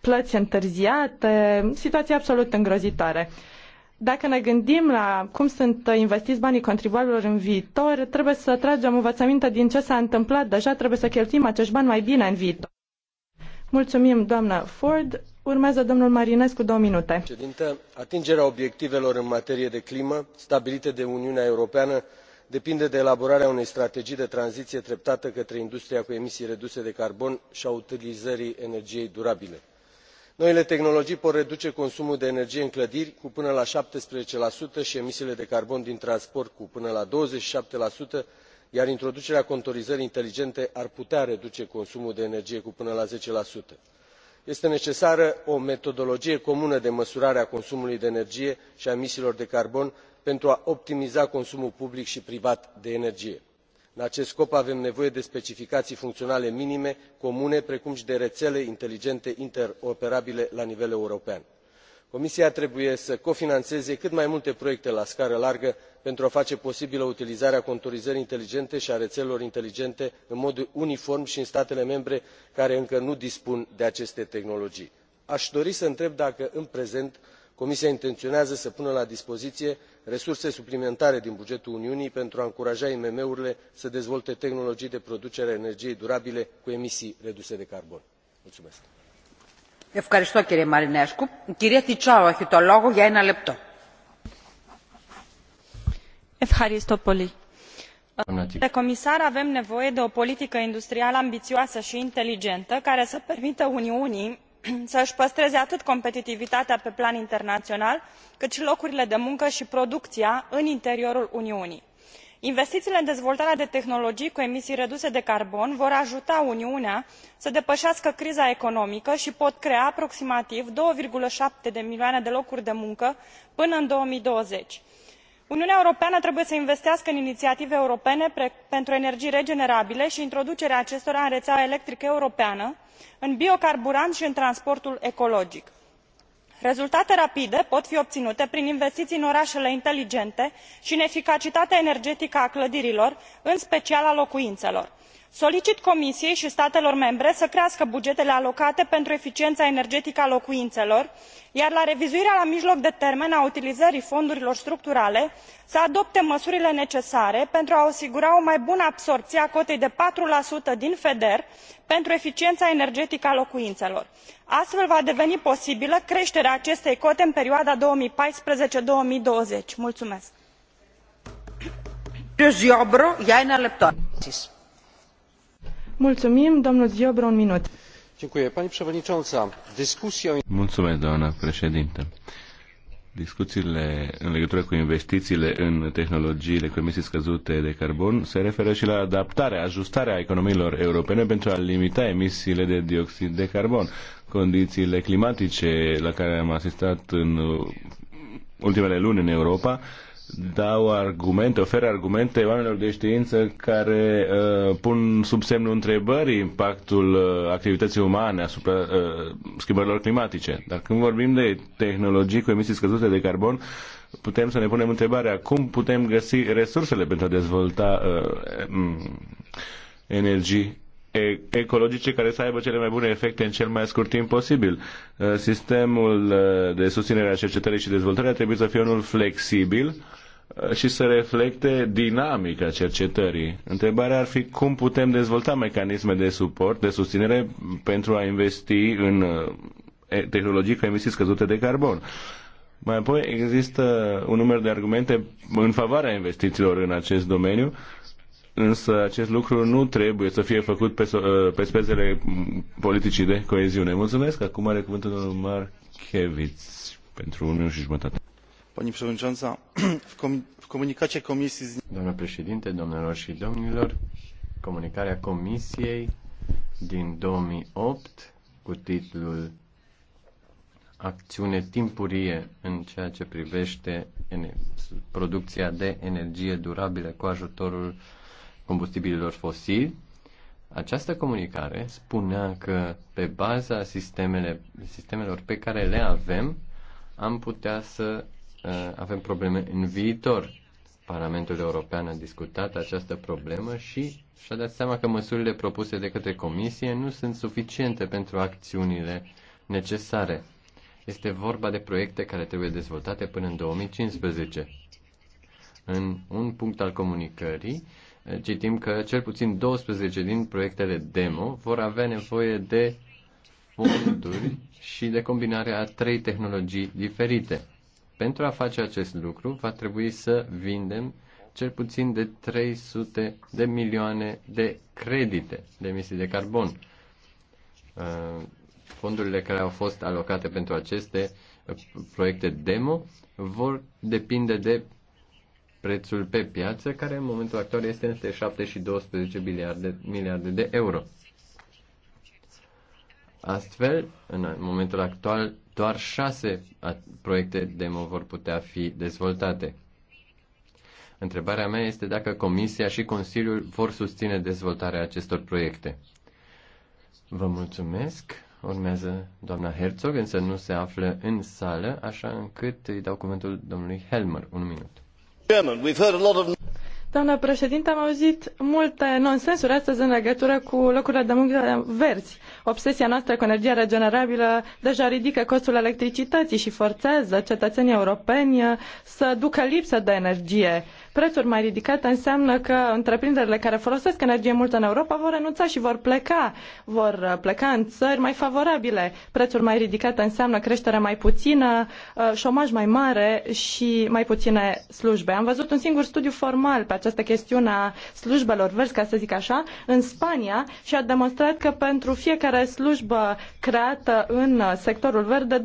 plăți întârziate, situații absolut îngrozitoare dacă ne gândim la cum sunt investiți banii contribuabililor în viitor, trebuie să tragem învățăminte din ce s-a întâmplat deja, trebuie să cheltuim acești bani mai bine în viitor. Mulțumim, doamna Ford. Urmează domnul Marinescu două minute. Ședinte, atingerea obiectivelor în materie de climă stabilite de Uniunea Europeană depinde de elaborarea unei strategii de tranziție treptată către industria cu emisii reduse de carbon și a utilizării energiei durabile noile tehnologii pot reduce consumul de energie în clădiri cu până la șaptesprezece i emisiile de carbon din transport cu până la douăzeci și șapte iar introducerea contorizării inteligente ar putea reduce consumul de energie cu până la. zece este necesară o metodologie comună de măsurare a consumului de energie i a emisiilor de carbon pentru a optimiza consumul public i privat de energie în acest scop avem nevoie de specificaii funcionale minime comune precum i de reele inteligente interoperabile la nivel european. comisia trebuie să cofinaneze cât mai multe proiecte la scară largă pentru a face posibilă utilizarea contorizării inteligente i a reelelor inteligente în mod uniform i în statele membre care încă nu dispun de aceste tehnologii. a dori să întreb dacă în prezent comisia intenionează să pună la dispoziie resurse suplimentare din bugetul uniunii pentru a încuraja imm urile să dezvolte tehnologii de producere a energiei durabile cu emisii reduse de carbon. domnule comisar avem nevoie de o politică industrială ambiioasă i inteligentă care să permită uniunii să îi păstreze atât competitivitatea pe plan internaional cât i locurile de muncă i producia în interiorul uniunii. investiiile în dezvoltarea de tehnologii cu emisii reduse de carbon vor ajuta uniunea să depăească criza economică i pot crea aproximativ doi șapte milioane de locuri de muncă până în două mii douăzeci uniunea europeană trebuie să investească în iniiative europene pentru energii regenerabile i introducerea acestora în reeaua electrică europeană în biocarburani i în transportul ecologic. rezultate rapide pot fi obinute prin investiii în oraele inteligente i în eficacitatea energetică a clădirilor în special a locuinelor solicit comisiei i statelor membre să crească bugetele alocate pentru eficiena energetică a locuinelor iar la revizuirea la mijloc de termen a utilizării fondurilor structurale să adopte măsurile necesare pentru a asigura o mai bună absorbie a cotei de patru din feder pentru eficiena energetică a locuinelor. astfel va deveni posibilă creterea acestei cote în perioada două mii paisprezece două mii douăzeci Mulțumim, un minut. Mulțumesc, doamna președinte. Discuțiile în legătură cu investițiile în tehnologiile cu emisii scăzute de carbon se referă și la adaptarea, ajustarea economiilor europene pentru a limita emisiile de dioxid de carbon. Condițiile climatice la care am asistat în ultimele luni în Europa dau argumente, oferă argumente oamenilor de știință care uh, pun sub semnul întrebării impactul uh, activității umane asupra uh, schimbărilor climatice. Dar când vorbim de tehnologii cu emisii scăzute de carbon, putem să ne punem întrebarea cum putem găsi resursele pentru a dezvolta uh, energii ecologice care să aibă cele mai bune efecte în cel mai scurt timp posibil. Sistemul de susținere a cercetării și dezvoltării trebuie să fie unul flexibil și să reflecte dinamica cercetării. Întrebarea ar fi cum putem dezvolta mecanisme de suport, de susținere pentru a investi în tehnologii cu emisii scăzute de carbon. Mai apoi există un număr de argumente în favoarea investițiilor în acest domeniu Însă acest lucru nu trebuie să fie făcut pe, ă, pe spezele politicii de coeziune. Mulțumesc. Acum are cuvântul domnul Marcheviț pentru un minut și jumătate. Pani Przewodnicząca, w komunikacie Komisji... Doamna președinte, domnilor și domnilor, comunicarea Comisiei din 2008 cu titlul Acțiune timpurie în ceea ce privește producția de energie durabilă cu ajutorul combustibililor fosili, această comunicare spunea că pe baza sistemele, sistemelor pe care le avem, am putea să uh, avem probleme în viitor. Parlamentul European a discutat această problemă și și-a dat seama că măsurile propuse de către Comisie nu sunt suficiente pentru acțiunile necesare. Este vorba de proiecte care trebuie dezvoltate până în 2015. În un punct al comunicării, citim că cel puțin 12 din proiectele demo vor avea nevoie de fonduri și de combinarea a trei tehnologii diferite. Pentru a face acest lucru, va trebui să vindem cel puțin de 300 de milioane de credite de emisii de carbon. Uh, fondurile care au fost alocate pentru aceste proiecte demo vor depinde de prețul pe piață, care în momentul actual este între 7 și 12 miliarde, miliarde de euro. Astfel, în momentul actual, doar șase proiecte demo vor putea fi dezvoltate. Întrebarea mea este dacă Comisia și Consiliul vor susține dezvoltarea acestor proiecte. Vă mulțumesc. Urmează doamna Herzog, însă nu se află în sală, așa încât îi dau cuvântul domnului Helmer. Un minut. Doamnă președinte, am auzit multe nonsensuri astăzi în legătură cu locurile de muncă verzi. Obsesia noastră cu energia regenerabilă deja ridică costul electricității și forțează cetățenii europeni să ducă lipsă de energie prețuri mai ridicate înseamnă că întreprinderile care folosesc energie mult în Europa vor renunța și vor pleca. Vor uh, pleca în țări mai favorabile. Prețuri mai ridicate înseamnă creștere mai puțină, uh, șomaj mai mare și mai puține slujbe. Am văzut un singur studiu formal pe această chestiune a slujbelor verzi, ca să zic așa, în Spania și a demonstrat că pentru fiecare slujbă creată în uh, sectorul verde,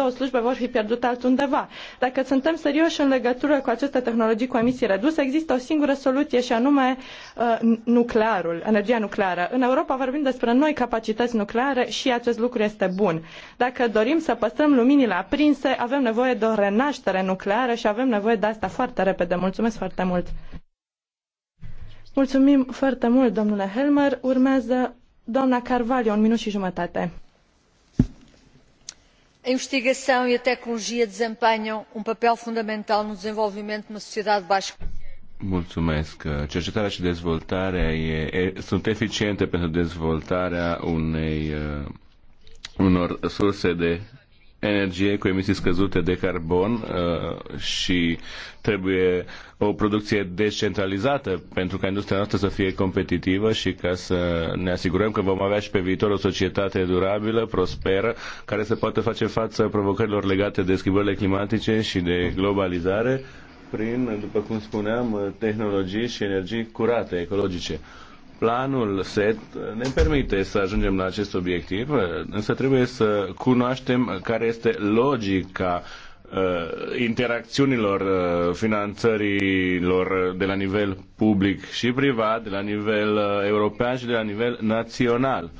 2,2 slujbe vor fi pierdute altundeva. Dacă suntem serioși în legătură cu aceste tehnologii cu emisii emisii reduse, există o singură soluție și anume uh, nuclearul, energia nucleară. În Europa vorbim despre noi capacități nucleare și acest lucru este bun. Dacă dorim să păstrăm luminile aprinse, avem nevoie de o renaștere nucleară și avem nevoie de asta foarte repede. Mulțumesc foarte mult! Mulțumim foarte mult, domnule Helmer. Urmează doamna Carvalho, un minut și jumătate a investigação e a tecnologia desempenham um papel fundamental no desenvolvimento de uma sociedade de baixo Mulțumesc. Cercetarea și dezvoltarea e, e, sunt eficiente pentru dezvoltarea unei, uh, unor surse de energie cu emisii scăzute de carbon uh, și trebuie o producție descentralizată pentru ca industria noastră să fie competitivă și ca să ne asigurăm că vom avea și pe viitor o societate durabilă, prosperă, care să poată face față provocărilor legate de schimbările climatice și de globalizare prin, după cum spuneam, tehnologii și energii curate, ecologice planul SET ne permite să ajungem la acest obiectiv, însă trebuie să cunoaștem care este logica uh, interacțiunilor uh, finanțărilor de la nivel public și privat, de la nivel uh, european și de la nivel național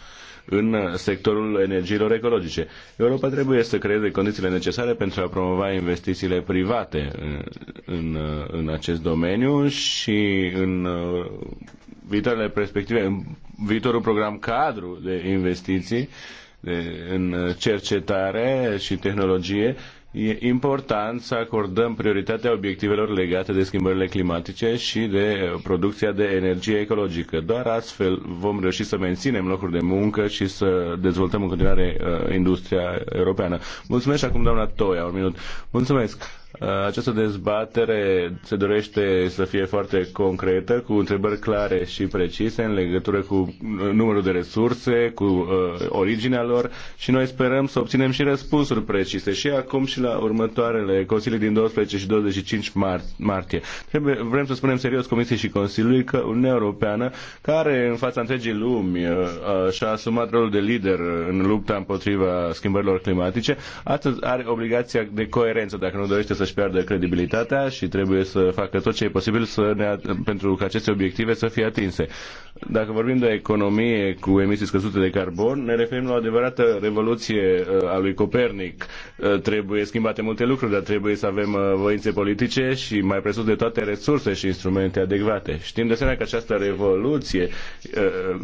în sectorul energiilor ecologice. Europa trebuie să creeze condițiile necesare pentru a promova investițiile private în, în acest domeniu și în viitoarele perspective, în viitorul program cadru de investiții de, în cercetare și tehnologie, e important să acordăm prioritatea obiectivelor legate de schimbările climatice și de producția de energie ecologică. Doar astfel vom reuși să menținem locuri de muncă și să dezvoltăm în continuare uh, industria europeană. Mulțumesc acum doamna Toia, un minut. Mulțumesc. Această dezbatere se dorește să fie foarte concretă, cu întrebări clare și precise în legătură cu uh, numărul de resurse, cu uh, originea lor și noi sperăm să obținem și răspunsuri precise și acum și la următoarele consilii din 12 și 25 mar- martie. Trebuie, vrem să spunem serios Comisiei și Consiliului că Uniunea Europeană, care în fața întregii lumi uh, uh, și-a asumat rolul de lider în lupta împotriva schimbărilor climatice, astăzi are obligația de coerență dacă nu dorește să să-și piardă credibilitatea și trebuie să facă tot ce e posibil să ne, pentru ca aceste obiective să fie atinse. Dacă vorbim de economie cu emisii scăzute de carbon, ne referim la o adevărată revoluție uh, a lui Copernic. Uh, trebuie schimbate multe lucruri, dar trebuie să avem uh, voințe politice și mai presus de toate resurse și instrumente adecvate. Știm de asemenea că această revoluție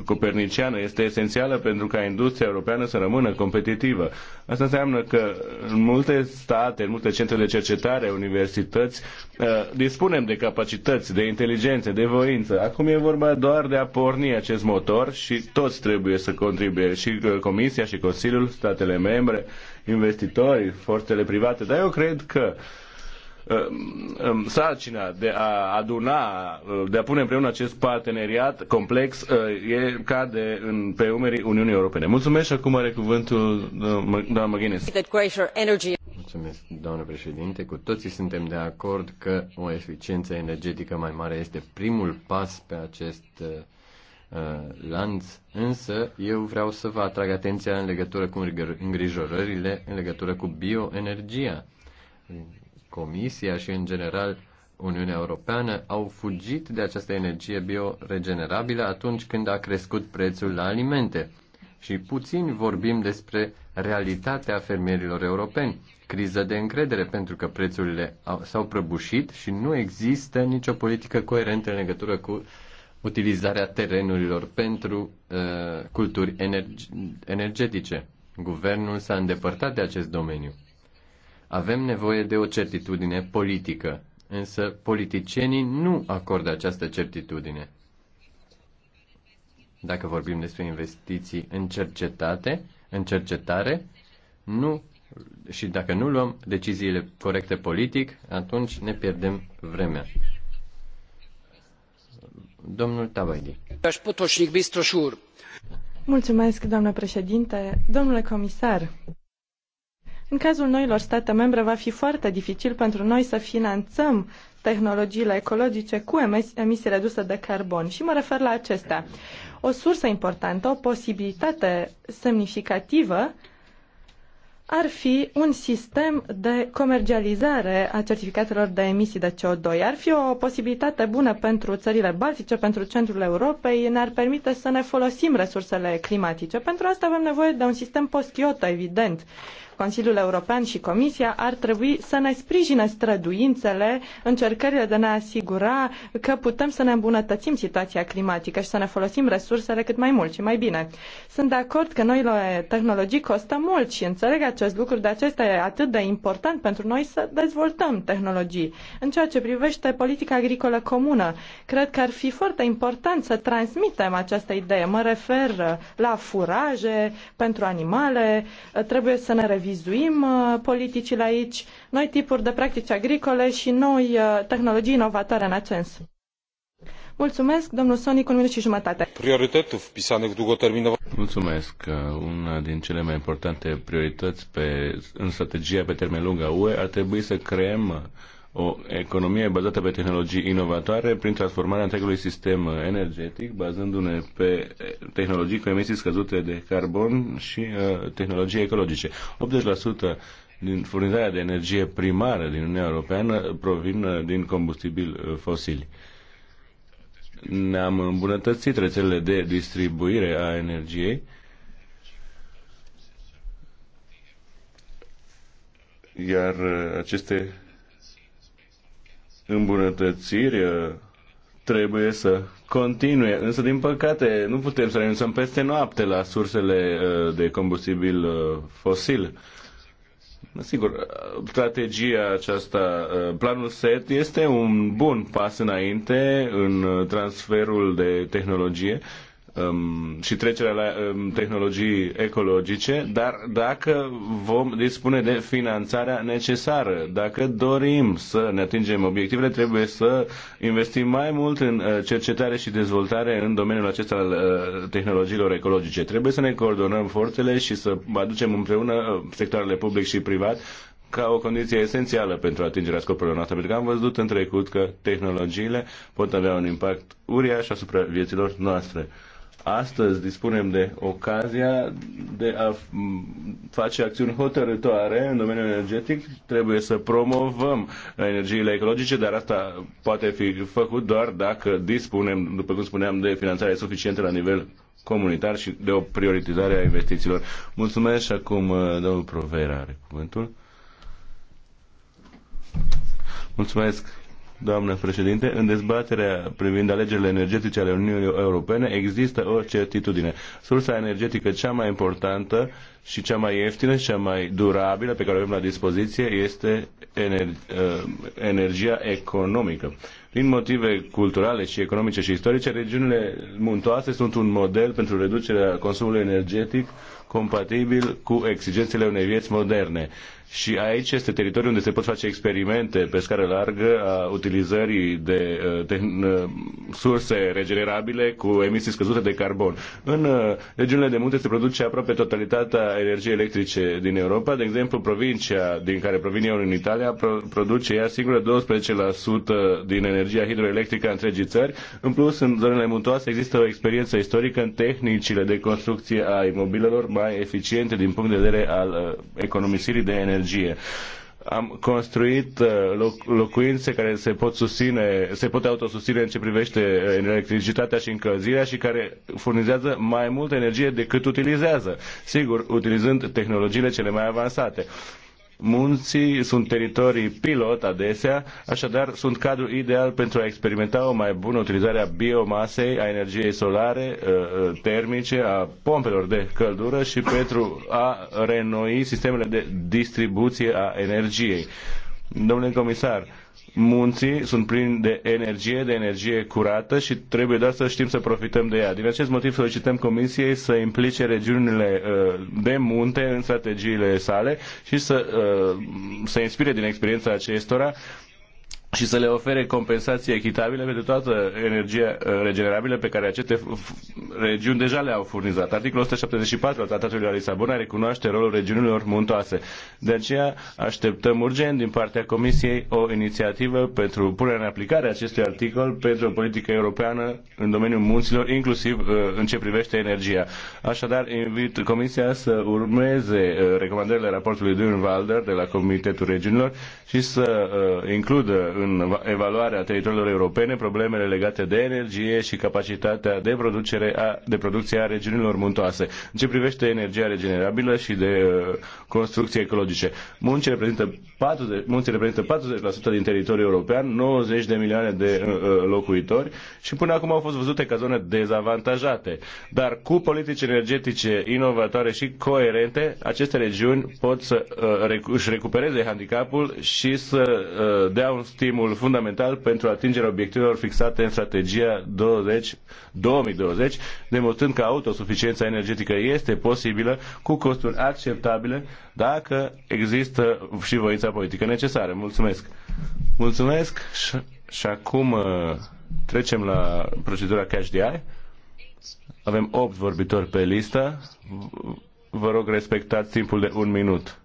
coperniciană este esențială pentru ca industria europeană să rămână competitivă. Asta înseamnă că în multe state, în multe centre de cercetare, cercetare, universități, uh, dispunem de capacități, de inteligență, de voință. Acum e vorba doar de a porni acest motor și toți trebuie să contribuie, și uh, Comisia, și Consiliul, statele membre, investitorii, forțele private, dar eu cred că uh, um, sarcina de a aduna, de a pune împreună acest parteneriat complex e cade în, pe umerii Uniunii Europene. Mulțumesc și acum are cuvântul doamna McGuinness. Mulțumesc, doamnă președinte. Cu toții suntem de acord că o eficiență energetică mai mare este primul pas pe acest uh, lanț, însă eu vreau să vă atrag atenția în legătură cu îngrijorările în legătură cu bioenergia. Comisia și, în general, Uniunea Europeană au fugit de această energie bioregenerabilă atunci când a crescut prețul la alimente și puțin vorbim despre realitatea fermierilor europeni. Criză de încredere pentru că prețurile s-au prăbușit și nu există nicio politică coerentă în legătură cu utilizarea terenurilor pentru uh, culturi energi- energetice. Guvernul s-a îndepărtat de acest domeniu. Avem nevoie de o certitudine politică, însă politicienii nu acordă această certitudine dacă vorbim despre investiții în cercetate, în cercetare, nu și dacă nu luăm deciziile corecte politic, atunci ne pierdem vremea. Domnul Tabaidi. Mulțumesc, doamnă președinte. Domnule comisar, în cazul noilor state membre va fi foarte dificil pentru noi să finanțăm tehnologiile ecologice cu emisii reduse de carbon și mă refer la acestea o sursă importantă, o posibilitate semnificativă ar fi un sistem de comercializare a certificatelor de emisii de CO2. Ar fi o posibilitate bună pentru țările baltice, pentru centrul Europei, ne-ar permite să ne folosim resursele climatice. Pentru asta avem nevoie de un sistem post-Kyoto, evident. Consiliul European și Comisia ar trebui să ne sprijine străduințele, încercările de a ne asigura că putem să ne îmbunătățim situația climatică și să ne folosim resursele cât mai mult și mai bine. Sunt de acord că noile tehnologii costă mult și înțeleg acest lucru, de acesta e atât de important pentru noi să dezvoltăm tehnologii. În ceea ce privește politica agricolă comună, cred că ar fi foarte important să transmitem această idee. Mă refer la furaje pentru animale, trebuie să ne revizuim revizuim uh, politicile aici, noi tipuri de practici agricole și noi uh, tehnologii inovatoare în acest sens. Mulțumesc, domnul Sonic, un minut și jumătate. Prioritetul pisanych długoterminowo. Mulțumesc. Uh, una din cele mai importante priorități pe, în strategia pe termen lung a UE ar trebui să creăm o economie bazată pe tehnologii inovatoare prin transformarea întregului sistem energetic, bazându-ne pe eh, tehnologii cu emisii scăzute de carbon și uh, tehnologii ecologice. 80% din furnizarea de energie primară din Uniunea Europeană provin eh, din combustibili fosili. Ne-am îmbunătățit rețelele de distribuire a energiei, iar aceste îmbunătățiri uh, trebuie să continue. Însă, din păcate, nu putem să renunțăm peste noapte la sursele uh, de combustibil uh, fosil. Sigur, strategia aceasta, planul SET, este un bun pas înainte în transferul de tehnologie um, și trecerea la um, tehnologii ecologice, dar dacă vom dispune de finanțarea necesară, dacă dorim să ne atingem obiectivele, trebuie să investim mai mult în uh, cercetare și dezvoltare în domeniul acesta al uh, tehnologiilor ecologice. Trebuie să ne coordonăm forțele și să aducem împreună uh, sectoarele public și privat ca o condiție esențială pentru atingerea scopurilor noastre, pentru că am văzut în trecut că tehnologiile pot avea un impact uriaș asupra vieților noastre astăzi dispunem de ocazia de a face acțiuni hotărătoare în domeniul energetic. Trebuie să promovăm energiile ecologice, dar asta poate fi făcut doar dacă dispunem, după cum spuneam, de finanțare suficientă la nivel comunitar și de o prioritizare a investițiilor. Mulțumesc și acum uh, domnul Provera are cuvântul. Mulțumesc doamnă președinte, în dezbaterea privind alegerile energetice ale Uniunii Europene există o certitudine. Sursa energetică cea mai importantă și cea mai ieftină și cea mai durabilă pe care o avem la dispoziție este uh, energia economică. Din motive culturale și economice și istorice, regiunile muntoase sunt un model pentru reducerea consumului energetic compatibil cu exigențele unei vieți moderne. Și aici este teritoriul unde se pot face experimente pe scară largă a utilizării de, uh, de, uh, surse regenerabile cu emisii scăzute de carbon. În uh, regiunile de munte se produce aproape totalitatea energiei electrice din Europa. De exemplu, provincia din care provin eu în Italia produce ea singură 12% din energia hidroelectrică a întregii țări. În plus, în zonele muntoase există o experiență istorică în tehnicile de construcție a imobilelor mai eficiente din punct de vedere al economisirii de energie energie. Am construit uh, locuințe care se pot susține, se pot autosusține în ce privește uh, electricitatea și încălzirea și care furnizează mai multă energie decât utilizează. Sigur, utilizând tehnologiile cele mai avansate. Munții sunt teritorii pilot adesea, așadar sunt cadrul ideal pentru a experimenta o mai bună utilizare a biomasei, a energiei solare, uh, uh, termice, a pompelor de căldură și pentru a renoi sistemele de distribuție a energiei. Domnule comisar, munții sunt plini de energie, de energie curată și trebuie doar să știm să profităm de ea. Din acest motiv solicităm Comisiei să implice regiunile uh, de munte în strategiile sale și să uh, se inspire din experiența acestora și să le ofere compensații echitabile pentru toată energia uh, regenerabilă pe care aceste regiuni deja le-au furnizat. Articolul 174 al Tratatului la Lisabona recunoaște rolul regiunilor muntoase. De aceea așteptăm urgent din partea Comisiei o inițiativă pentru punerea în aplicare a acestui articol pentru o politică europeană în domeniul munților, inclusiv uh, în ce privește energia. Așadar, invit Comisia să urmeze uh, recomandările raportului Dunwalder de la Comitetul Regiunilor și să includă în evaluarea teritoriilor europene problemele legate de energie și capacitatea de, producere a, de producție a regiunilor muntoase. În ce privește energia regenerabilă și de uh, construcții ecologice, munții reprezintă, 40, munții reprezintă 40% din teritoriul european, 90 de milioane de uh, uh, locuitori și până acum au fost văzute ca zone dezavantajate. Dar cu politici energetice inovatoare și coerente, aceste regiuni pot să uh, își recupereze handicapul și să uh, dea un stil primul fundamental pentru atingerea obiectivelor fixate în strategia 20, 2020, demonstrând că autosuficiența energetică este posibilă cu costuri acceptabile dacă există și voința politică necesară. Mulțumesc! Mulțumesc și, și acum uh, trecem la procedura cash DI. Avem 8 vorbitori pe listă. Vă rog respectați timpul de un minut.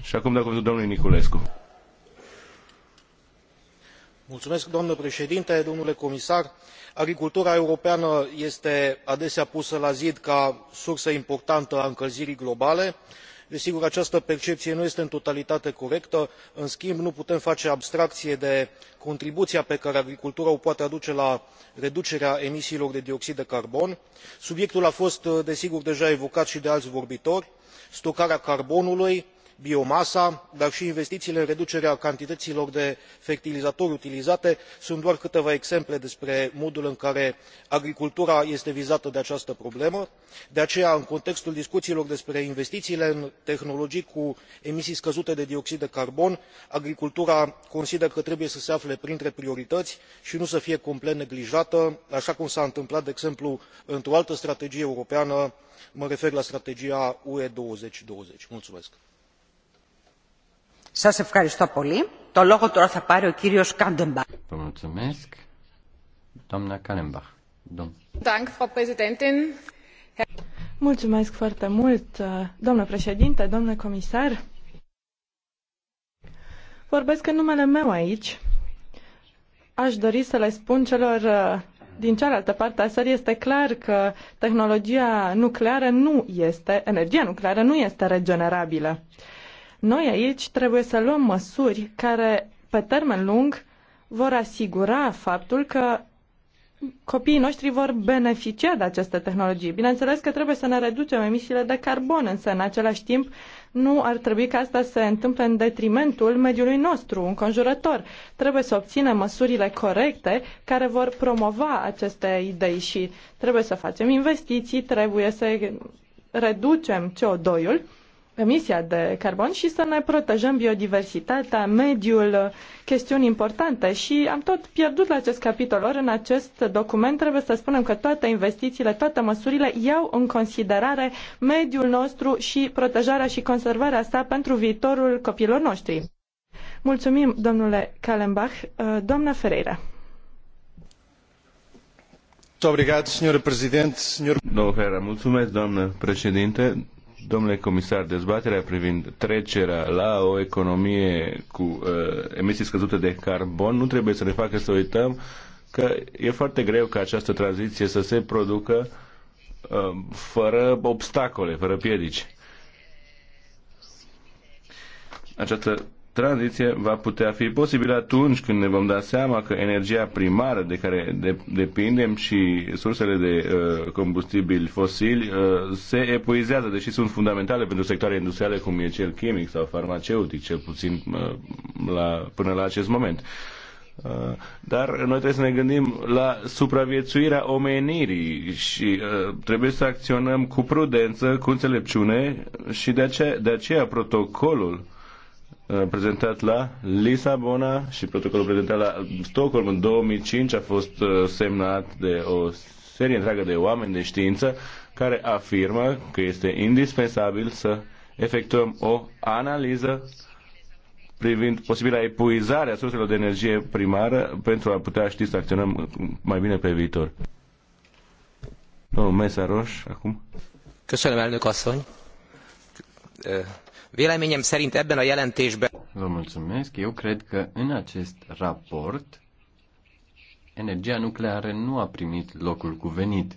Și acum dau cuvântul domnului Niculescu. Mulțumesc, doamnă președinte, domnule comisar. Agricultura europeană este adesea pusă la zid ca sursă importantă a încălzirii globale. Desigur, această percepție nu este în totalitate corectă. În schimb, nu putem face abstracție de contribuția pe care agricultura o poate aduce la reducerea emisiilor de dioxid de carbon. Subiectul a fost, desigur, deja evocat și de alți vorbitori. Stocarea carbonului, biomasa dar i investiiile în reducerea cantităilor de fertilizatori utilizate sunt doar câteva exemple despre modul în care agricultura este vizată de această problemă de aceea în contextul discuiilor despre investiiile în tehnologii cu emisii scăzute de dioxid de carbon agricultura consider că trebuie să se afle printre priorităi i nu să fie complet neglijată aa cum s a întâmplat de exemplu într o altă strategie europeană mă refer la strategia ue două mii douăzeci Mulțumesc. Frau Präsidentin. Mulțumesc foarte mult, doamnă președinte, domnule comisar. Vorbesc în numele meu aici. Aș dori să le spun celor uh, din cealaltă parte a țării este clar că tehnologia nucleară nu este, energia nucleară nu este regenerabilă. Noi aici trebuie să luăm măsuri care, pe termen lung, vor asigura faptul că copiii noștri vor beneficia de aceste tehnologii. Bineînțeles că trebuie să ne reducem emisiile de carbon, însă în același timp nu ar trebui ca asta să se întâmple în detrimentul mediului nostru înconjurător. Trebuie să obținem măsurile corecte care vor promova aceste idei și trebuie să facem investiții, trebuie să reducem CO2-ul emisia de carbon și să ne protejăm biodiversitatea, mediul, chestiuni importante. Și am tot pierdut la acest capitol. Ori în acest document trebuie să spunem că toate investițiile, toate măsurile iau în considerare mediul nostru și protejarea și conservarea sa pentru viitorul copiilor noștri. Mulțumim, domnule Kallenbach. Uh, doamna Ferreira. Mulțumesc, doamnă președinte, Domnule comisar, dezbaterea privind trecerea la o economie cu uh, emisii scăzute de carbon nu trebuie să ne facă să uităm că e foarte greu ca această tranziție să se producă uh, fără obstacole, fără piedici. Această tranziție va putea fi posibilă atunci când ne vom da seama că energia primară de care de, depindem și sursele de uh, combustibili fosili uh, se epuizează, deși sunt fundamentale pentru sectoare industriale cum e cel chimic sau farmaceutic, cel puțin uh, la, până la acest moment. Uh, dar noi trebuie să ne gândim la supraviețuirea omenirii și uh, trebuie să acționăm cu prudență, cu înțelepciune și de aceea, de aceea protocolul uh, Uh, prezentat la Lisabona și protocolul prezentat la Stockholm în 2005 a fost uh, semnat de o serie întreagă de oameni de știință care afirmă că este indispensabil să efectuăm o analiză privind posibilă epuizare a surselor de energie primară pentru a putea ști să acționăm mai bine pe viitor. Domnul Roș, acum. Căsălă, elnök asszony. Véleményem szerint ebben a jelentésben... Vă mulțumesc. Eu cred că în acest raport energia nucleară nu a primit locul cuvenit.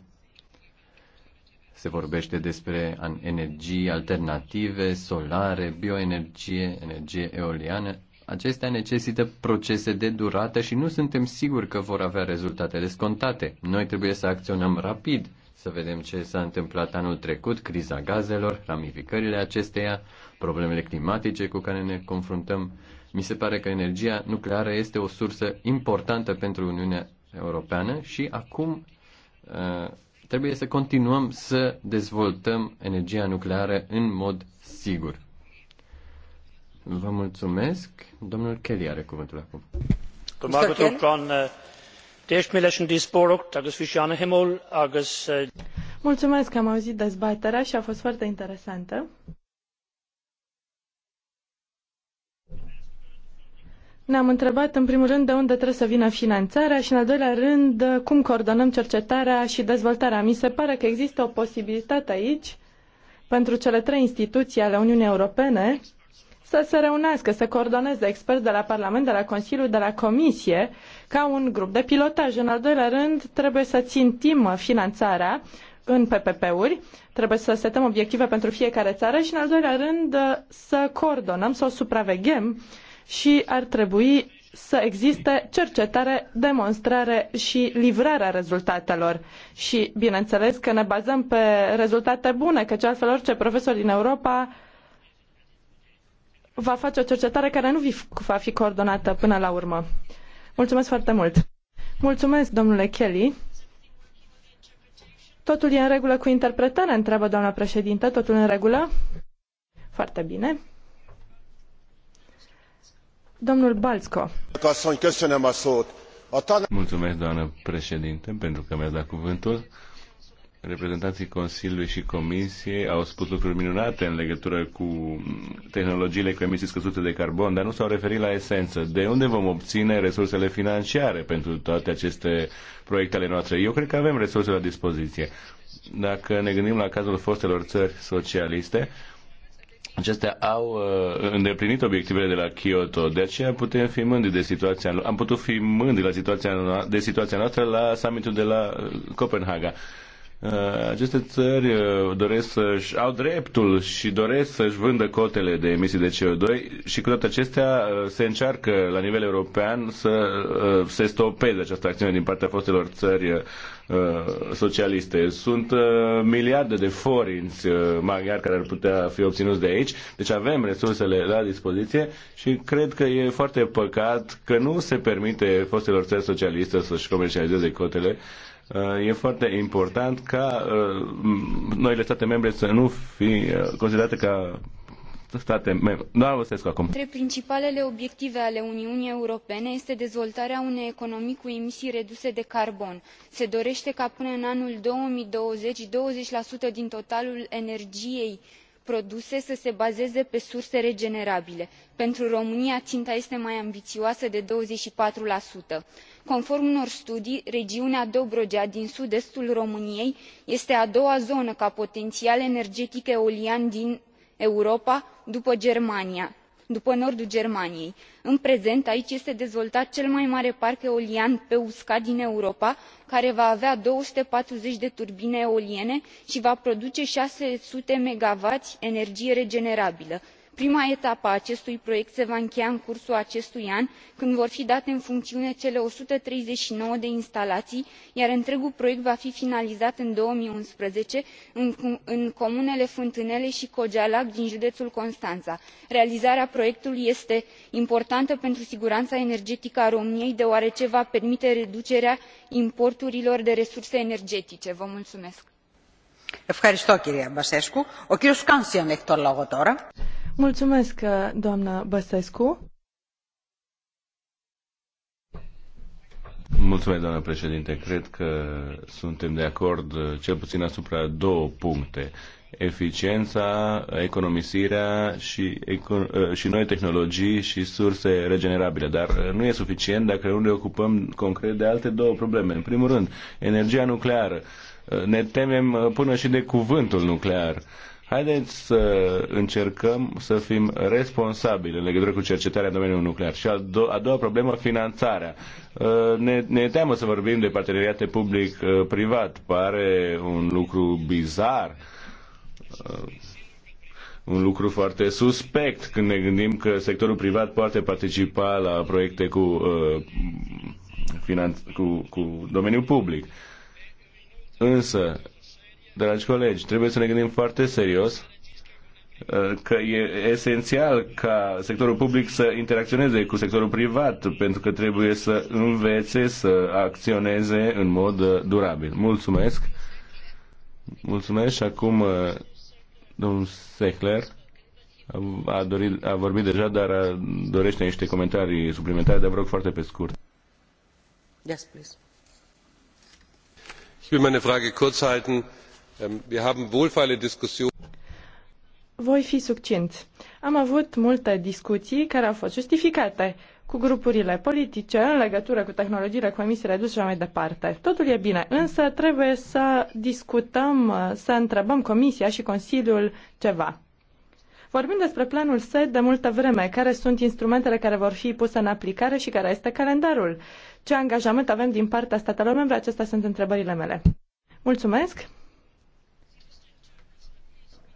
Se vorbește despre energii alternative, solare, bioenergie, energie eoliană. Acestea necesită procese de durată și nu suntem siguri că vor avea rezultate descontate. Noi trebuie să acționăm rapid să vedem ce s-a întâmplat anul trecut, criza gazelor, ramificările acesteia, problemele climatice cu care ne confruntăm. Mi se pare că energia nucleară este o sursă importantă pentru Uniunea Europeană și acum uh, trebuie să continuăm să dezvoltăm energia nucleară în mod sigur. Vă mulțumesc. Domnul Kelly are cuvântul acum. Domnul Uh, Mulțumesc am auzit dezbaterea și a fost foarte interesantă. Ne-am întrebat în primul rând de unde trebuie să vină finanțarea și în al doilea rând cum coordonăm cercetarea și dezvoltarea. Mi se pare că există o posibilitate aici pentru cele trei instituții ale Uniunii Europene să se reunească, să coordoneze experți de la Parlament, de la Consiliu, de la Comisie, ca un grup de pilotaj. În al doilea rând, trebuie să țintim finanțarea în PPP-uri, trebuie să setăm obiective pentru fiecare țară și, în al doilea rând, să coordonăm, să o supraveghem și ar trebui să existe cercetare, demonstrare și livrarea rezultatelor. Și, bineînțeles, că ne bazăm pe rezultate bune, căci altfel orice profesor din Europa va face o cercetare care nu va fi coordonată până la urmă. Mulțumesc foarte mult! Mulțumesc, domnule Kelly. Totul e în regulă cu interpretarea, întreabă doamna președintă. Totul în regulă? Foarte bine. Domnul Balsco. Mulțumesc, doamnă președinte, pentru că mi-a dat cuvântul reprezentanții Consiliului și Comisiei au spus lucruri minunate în legătură cu tehnologiile cu emisii scăzute de carbon, dar nu s-au referit la esență. De unde vom obține resursele financiare pentru toate aceste proiecte ale noastre? Eu cred că avem resurse la dispoziție. Dacă ne gândim la cazul fostelor țări socialiste, acestea au uh, îndeplinit obiectivele de la Kyoto. De aceea putem fi mândri de situația am putut fi mândri la situația, de situația noastră la summitul de la uh, Copenhaga. Uh, Uh, aceste țări uh, doresc să-și au dreptul și doresc să-și vândă cotele de emisii de CO2 și cu toate acestea uh, se încearcă la nivel european să se stopeze această acțiune din partea fostelor țări socialiste. Sunt miliarde de forinți maghiari care ar putea fi obținuți de aici, deci avem resursele la dispoziție și cred că e foarte păcat că nu se permite fostelor țări socialiste să-și comercializeze cotele Uh, e foarte important ca uh, noile state membre să nu fi uh, considerate ca state membre. Doamna Văsescu acum. Între principalele obiective ale Uniunii Europene este dezvoltarea unei economii cu emisii reduse de carbon. Se dorește ca până în anul 2020 20% din totalul energiei produse să se bazeze pe surse regenerabile. pentru românia inta este mai ambiioasă de douăzeci și patru conform unor studii regiunea dobrogea din sud estul româniei este a doua zonă ca potenial energetic eolian din europa după germania după nordul germaniei. în prezent aici este dezvoltat cel mai mare parc eolian pe uscat din europa care va avea două sute patruzeci de turbine eoliene i va produce șase sute mw energie regenerabilă prima etapă a acestui proiect se va încheia în cursul acestui an când vor fi date în funciune cele o sută treizeci și nouă de instalaii iar întregul proiect va fi finalizat în două mii unsprezece în comunele fântânele i cogialac din judeul constana. realizarea proiectului este importantă pentru sigurana energetică a româniei deoarece va permite reducerea importurilor de resurse energetice. Vă mulțumesc. Mulțumesc, uh, doamnă Băsescu. Mulțumesc, doamnă președinte. Cred că suntem de acord uh, cel puțin asupra două puncte. Eficiența, economisirea și, econ- uh, și noi tehnologii și surse regenerabile. Dar nu e suficient dacă nu ne ocupăm concret de alte două probleme. În primul rând, energia nucleară. Ne temem până și de cuvântul nuclear Haideți să încercăm să fim responsabili în legătură cu cercetarea în domeniul nuclear. Și a, do- a doua problemă, finanțarea. Uh, ne, ne teamă să vorbim de parteneriate public-privat. Pare un lucru bizar uh, un lucru foarte suspect când ne gândim că sectorul privat poate participa la proiecte cu, uh, finanț- cu, cu domeniul public. Însă, Dragi colegi, trebuie să ne gândim foarte serios uh, că e esențial ca sectorul public să interacționeze cu sectorul privat, pentru că trebuie să învețe să acționeze în mod uh, durabil. Mulțumesc! Mulțumesc și acum uh, domnul Sechler a, dorit, a vorbit deja, dar a, dorește niște comentarii suplimentare, dar vă rog foarte pe scurt. Yes, please. Ich will meine Frage kurz halten Ehm, wir haben wohlfeile Diskussionen. Voi fi succint. Am avut multe discuții care au fost justificate cu grupurile politice în legătură cu tehnologiile cu emisii reduse și mai departe. Totul e bine, însă trebuie să discutăm, să întrebăm Comisia și Consiliul ceva. Vorbim despre planul SET de multă vreme, care sunt instrumentele care vor fi puse în aplicare și care este calendarul. Ce angajament avem din partea statelor membre? Acestea sunt întrebările mele. Mulțumesc!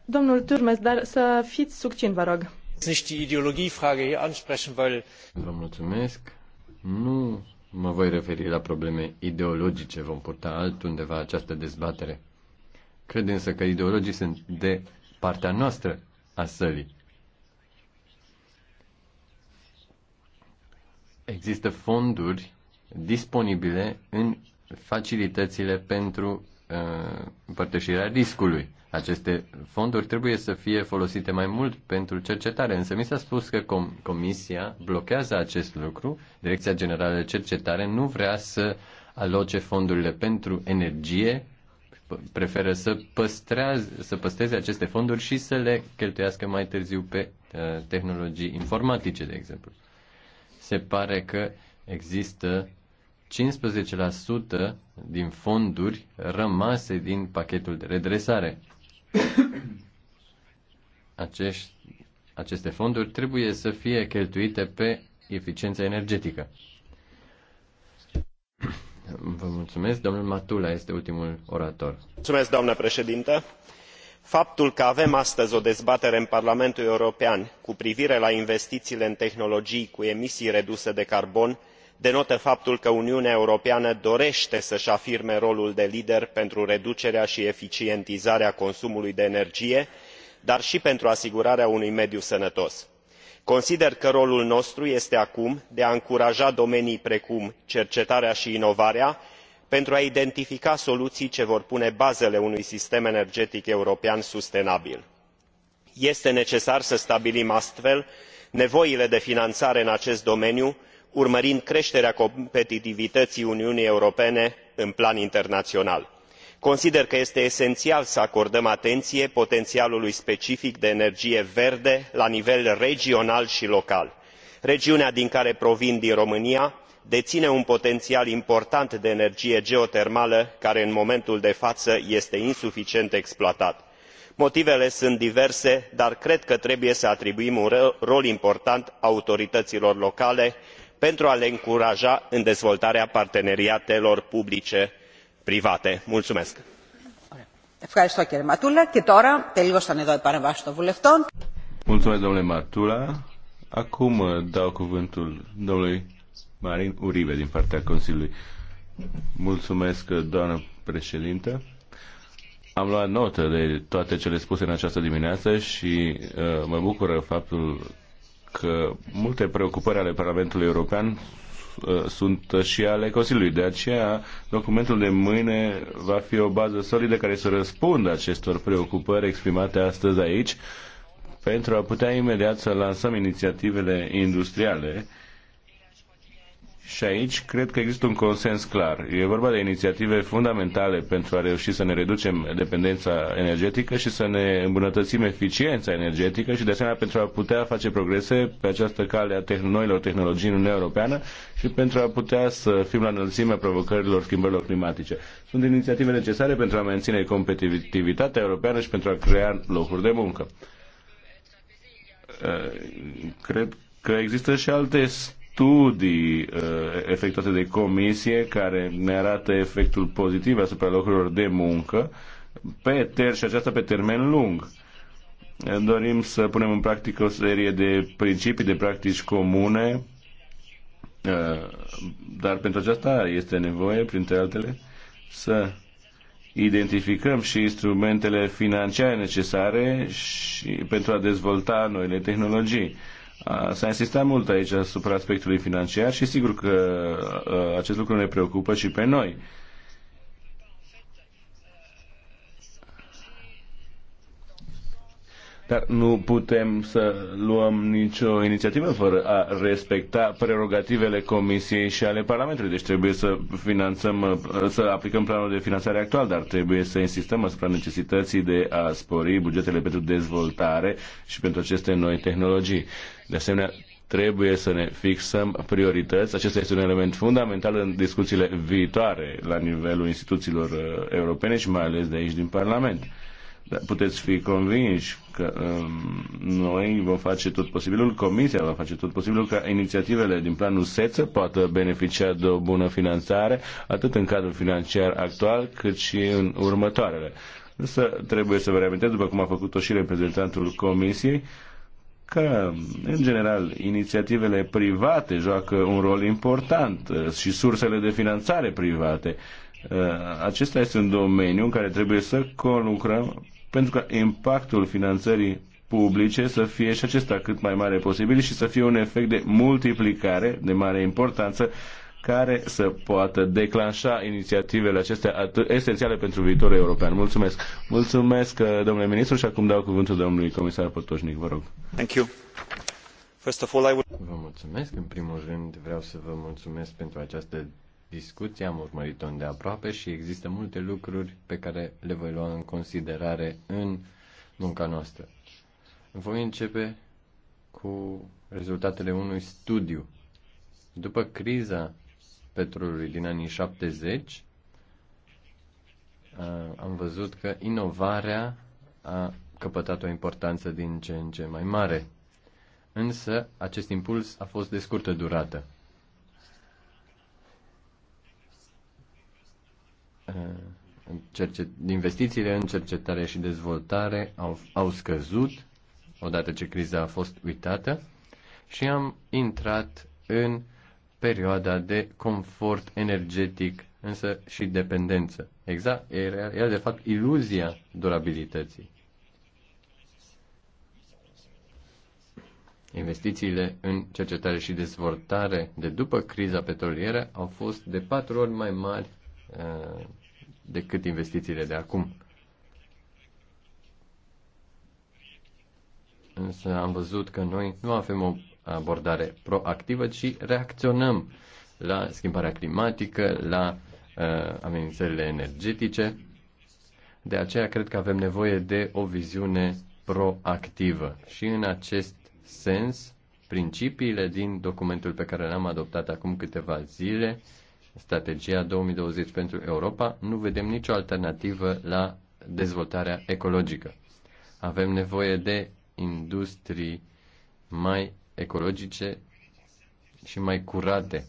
Domnul Turmes, dar să fiți succint, vă rog. Vă mulțumesc. Nu mă voi referi la probleme ideologice, vom purta altundeva această dezbatere. Cred însă că ideologii sunt de partea noastră a sălii. Există fonduri disponibile în facilitățile pentru Uh, împărtășirea riscului. Aceste fonduri trebuie să fie folosite mai mult pentru cercetare, însă mi s-a spus că com- Comisia blochează acest lucru. Direcția Generală de Cercetare nu vrea să aloce fondurile pentru energie, preferă să, păstrează, să păstreze aceste fonduri și să le cheltuiască mai târziu pe uh, tehnologii informatice, de exemplu. Se pare că există 15% din fonduri rămase din pachetul de redresare. Acești, aceste fonduri trebuie să fie cheltuite pe eficiența energetică. Vă mulțumesc. Domnul Matula este ultimul orator. Mulțumesc, doamnă președintă. Faptul că avem astăzi o dezbatere în Parlamentul European cu privire la investițiile în tehnologii cu emisii reduse de carbon denotă faptul că uniunea europeană dorete să îi afirme rolul de lider pentru reducerea i eficientizarea consumului de energie dar i pentru asigurarea unui mediu sănătos. consider că rolul nostru este acum de a încuraja domenii precum cercetarea i inovarea pentru a identifica soluii ce vor pune bazele unui sistem energetic european sustenabil. este necesar să stabilim astfel nevoile de finanare în acest domeniu urmărind creterea competitivităii uniunii europene în plan internaional. consider că este esenial să acordăm atenie potenialului specific de energie verde la nivel regional i local. regiunea din care provin din românia deine un potenial important de energie geotermală care în momentul de faă este insuficient exploatat. motivele sunt diverse dar cred că trebuie să atribuim un rol important autorităilor locale pentru a le încuraja în dezvoltarea parteneriatelor publice private. mulțumesc. Mulțumesc, Matula. Acum uh, dau cuvântul domnului Marin Uribe din partea Consiliului. Mulțumesc, uh, Am luat notă de toate cele spuse în această dimineață și uh, mă bucură faptul că multe preocupări ale Parlamentului European uh, sunt și ale Consiliului. De aceea, documentul de mâine va fi o bază solidă care să răspundă acestor preocupări exprimate astăzi aici pentru a putea imediat să lansăm inițiativele industriale și aici cred că există un consens clar. E vorba de inițiative fundamentale pentru a reuși să ne reducem dependența energetică și să ne îmbunătățim eficiența energetică și de asemenea pentru a putea face progrese pe această cale a noilor tehnologii în Uniunea Europeană și pentru a putea să fim la înălțimea provocărilor schimbărilor climatice. Sunt inițiative necesare pentru a menține competitivitatea europeană și pentru a crea locuri de muncă. Cred că există și alte studii eh, efectuate de comisie care ne arată efectul pozitiv asupra locurilor de muncă pe ter și aceasta pe termen lung. Eh, dorim să punem în practică o serie de principii, de practici comune, eh, dar pentru aceasta este nevoie, printre altele, să identificăm și instrumentele financiare necesare și pentru a dezvolta noile tehnologii S-a insistat mult aici asupra aspectului financiar și sigur că acest lucru ne preocupă și pe noi. Dar nu putem să luăm nicio inițiativă fără a respecta prerogativele Comisiei și ale Parlamentului. Deci trebuie să finanțăm, să aplicăm planul de finanțare actual, dar trebuie să insistăm asupra necesității de a spori bugetele pentru dezvoltare și pentru aceste noi tehnologii. De asemenea, trebuie să ne fixăm priorități. Acesta este un element fundamental în discuțiile viitoare la nivelul instituțiilor uh, europene și mai ales de aici din Parlament puteți fi convinși că um, noi vom face tot posibilul, Comisia va face tot posibilul ca inițiativele din planul SET să poată beneficia de o bună finanțare, atât în cadrul financiar actual, cât și în următoarele. Însă trebuie să vă reamintesc, după cum a făcut-o și reprezentantul Comisiei, că, în general, inițiativele private joacă un rol important uh, și sursele de finanțare private. Uh, acesta este un domeniu în care trebuie să conlucrăm pentru ca impactul finanțării publice să fie și acesta cât mai mare posibil și să fie un efect de multiplicare de mare importanță care să poată declanșa inițiativele acestea esențiale pentru viitorul european. Mulțumesc! Mulțumesc, uh, domnule ministru, și acum dau cuvântul domnului comisar Potoșnic, vă rog. Thank you. First of all, I would... Vă mulțumesc. În primul rând vreau să vă mulțumesc pentru această discuția, am urmărit-o aproape și există multe lucruri pe care le voi lua în considerare în munca noastră. Voi începe cu rezultatele unui studiu. După criza petrolului din anii 70, am văzut că inovarea a căpătat o importanță din ce în ce mai mare. Însă, acest impuls a fost de scurtă durată. Uh, investițiile în cercetare și dezvoltare au, au scăzut odată ce criza a fost uitată și am intrat în perioada de confort energetic, însă și dependență. Exact, era, era de fapt iluzia durabilității. Investițiile în cercetare și dezvoltare de după criza petrolieră au fost de patru ori mai mari Uh, decât investițiile de acum. Însă am văzut că noi nu avem o abordare proactivă, ci reacționăm la schimbarea climatică, la uh, amenințările energetice. De aceea cred că avem nevoie de o viziune proactivă. Și în acest sens, principiile din documentul pe care l-am adoptat acum câteva zile uh, strategia 2020 pentru Europa, nu vedem nicio alternativă la dezvoltarea ecologică. Avem nevoie de industrii mai ecologice și mai curate.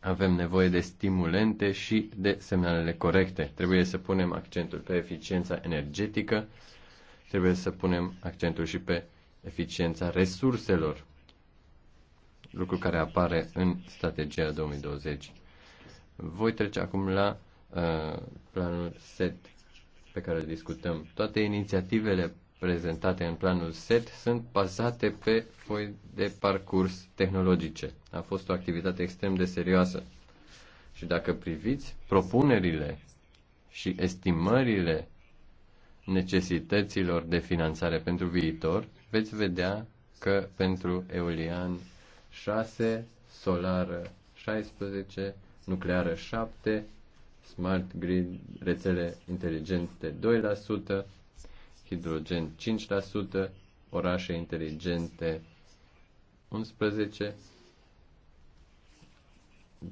Avem nevoie de stimulente și de semnalele corecte. Trebuie să punem accentul pe eficiența energetică, trebuie să punem accentul și pe eficiența resurselor, lucru care apare în strategia 2020. Voi trece acum la uh, planul SET pe care îl discutăm. Toate inițiativele prezentate în planul SET sunt bazate pe foi de parcurs tehnologice. A fost o activitate extrem de serioasă. Și dacă priviți propunerile și estimările necesităților de finanțare pentru viitor, veți vedea că pentru Eulian 6, Solar 16, nucleară 7, smart grid, rețele inteligente 2%, hidrogen 5%, orașe inteligente 11%,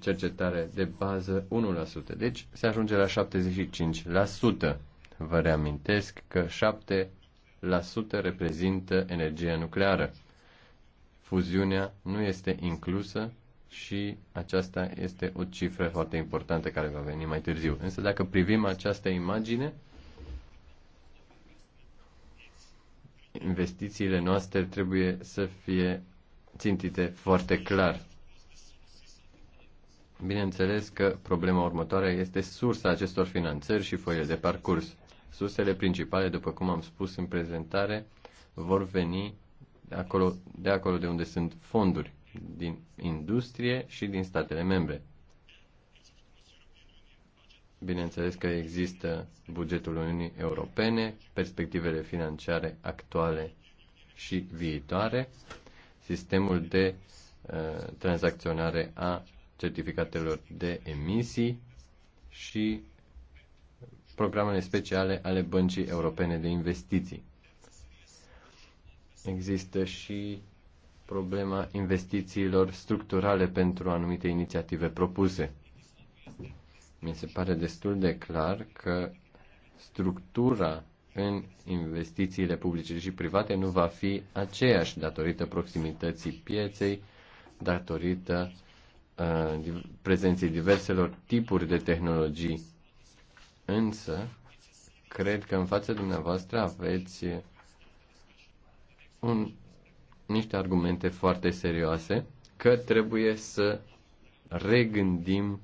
cercetare de bază 1%. Deci se ajunge la 75%. Vă reamintesc că 7% reprezintă energia nucleară. Fuziunea nu este inclusă și aceasta este o cifră foarte importantă care va veni mai târziu. Însă dacă privim această imagine, investițiile noastre trebuie să fie țintite foarte clar. Bineînțeles că problema următoare este sursa acestor finanțări și foile de parcurs. Sursele principale, după cum am spus în prezentare, vor veni de acolo de, acolo de unde sunt fonduri din industrie și din statele membre. Bineînțeles că există bugetul Uniunii Europene, perspectivele financiare actuale și viitoare, sistemul de uh, tranzacționare a certificatelor de emisii și programele speciale ale Băncii Europene de Investiții. Există și problema investițiilor structurale pentru anumite inițiative propuse. Mi se pare destul de clar că structura în investițiile publice și private nu va fi aceeași datorită proximității pieței, datorită uh, prezenței diverselor tipuri de tehnologii. Însă, cred că în fața dumneavoastră aveți un niște argumente foarte serioase că trebuie să regândim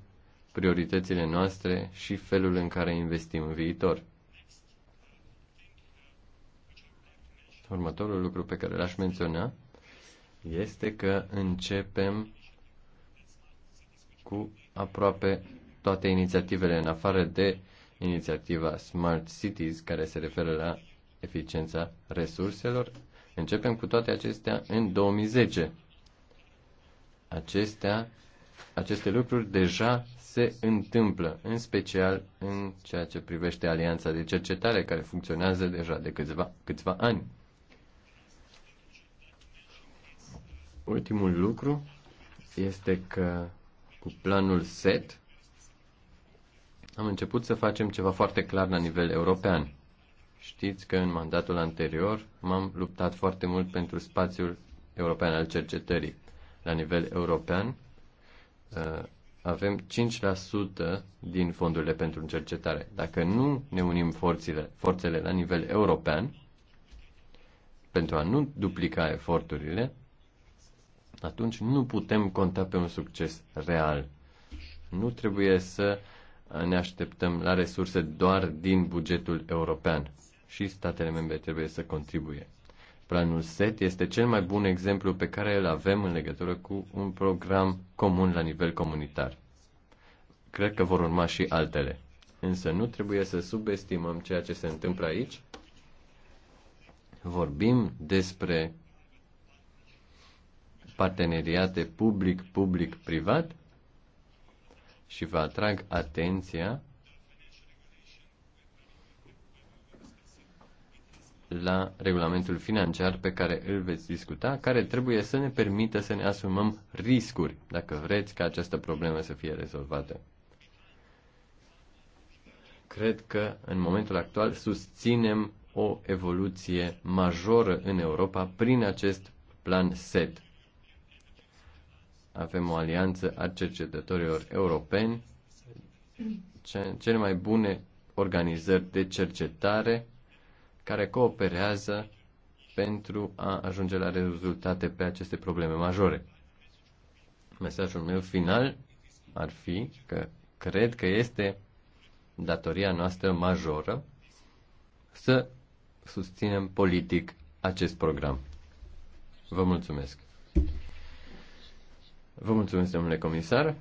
prioritățile noastre și felul în care investim în viitor. Următorul lucru pe care l-aș menționa este că începem cu aproape toate inițiativele, în afară de inițiativa Smart Cities, care se referă la eficiența resurselor. Începem cu toate acestea în 2010. Acestea, aceste lucruri deja se întâmplă, în special în ceea ce privește alianța de cercetare care funcționează deja de câțiva, câțiva ani. Ultimul lucru este că cu planul SET am început să facem ceva foarte clar la nivel european. Știți că în mandatul anterior m-am luptat foarte mult pentru spațiul european al cercetării. La nivel european uh, avem 5% din fondurile pentru cercetare. Dacă nu ne unim forțele, forțele la nivel european, pentru a nu duplica eforturile, atunci nu putem conta pe un succes real. Nu trebuie să ne așteptăm la resurse doar din bugetul european și statele membre trebuie să contribuie. Planul SET este cel mai bun exemplu pe care îl avem în legătură cu un program comun la nivel comunitar. Cred că vor urma și altele. Însă nu trebuie să subestimăm ceea ce se întâmplă aici. Vorbim despre parteneriate public-public-privat și vă atrag atenția la regulamentul financiar pe care îl veți discuta, care trebuie să ne permită să ne asumăm riscuri, dacă vreți ca această problemă să fie rezolvată. Cred că în momentul actual susținem o evoluție majoră în Europa prin acest plan SET. Avem o alianță a cercetătorilor europeni, cele mai bune organizări de cercetare care cooperează pentru a ajunge la rezultate pe aceste probleme majore. Mesajul meu final ar fi că cred că este datoria noastră majoră să susținem politic acest program. Vă mulțumesc. Vă mulțumesc, domnule comisar.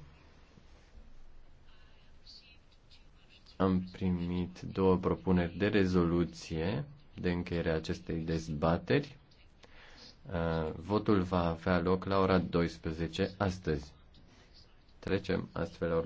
Am primit două propuneri de rezoluție de încheiere a acestei dezbateri. Uh, votul va avea loc la ora 12 astăzi. Trecem astfel la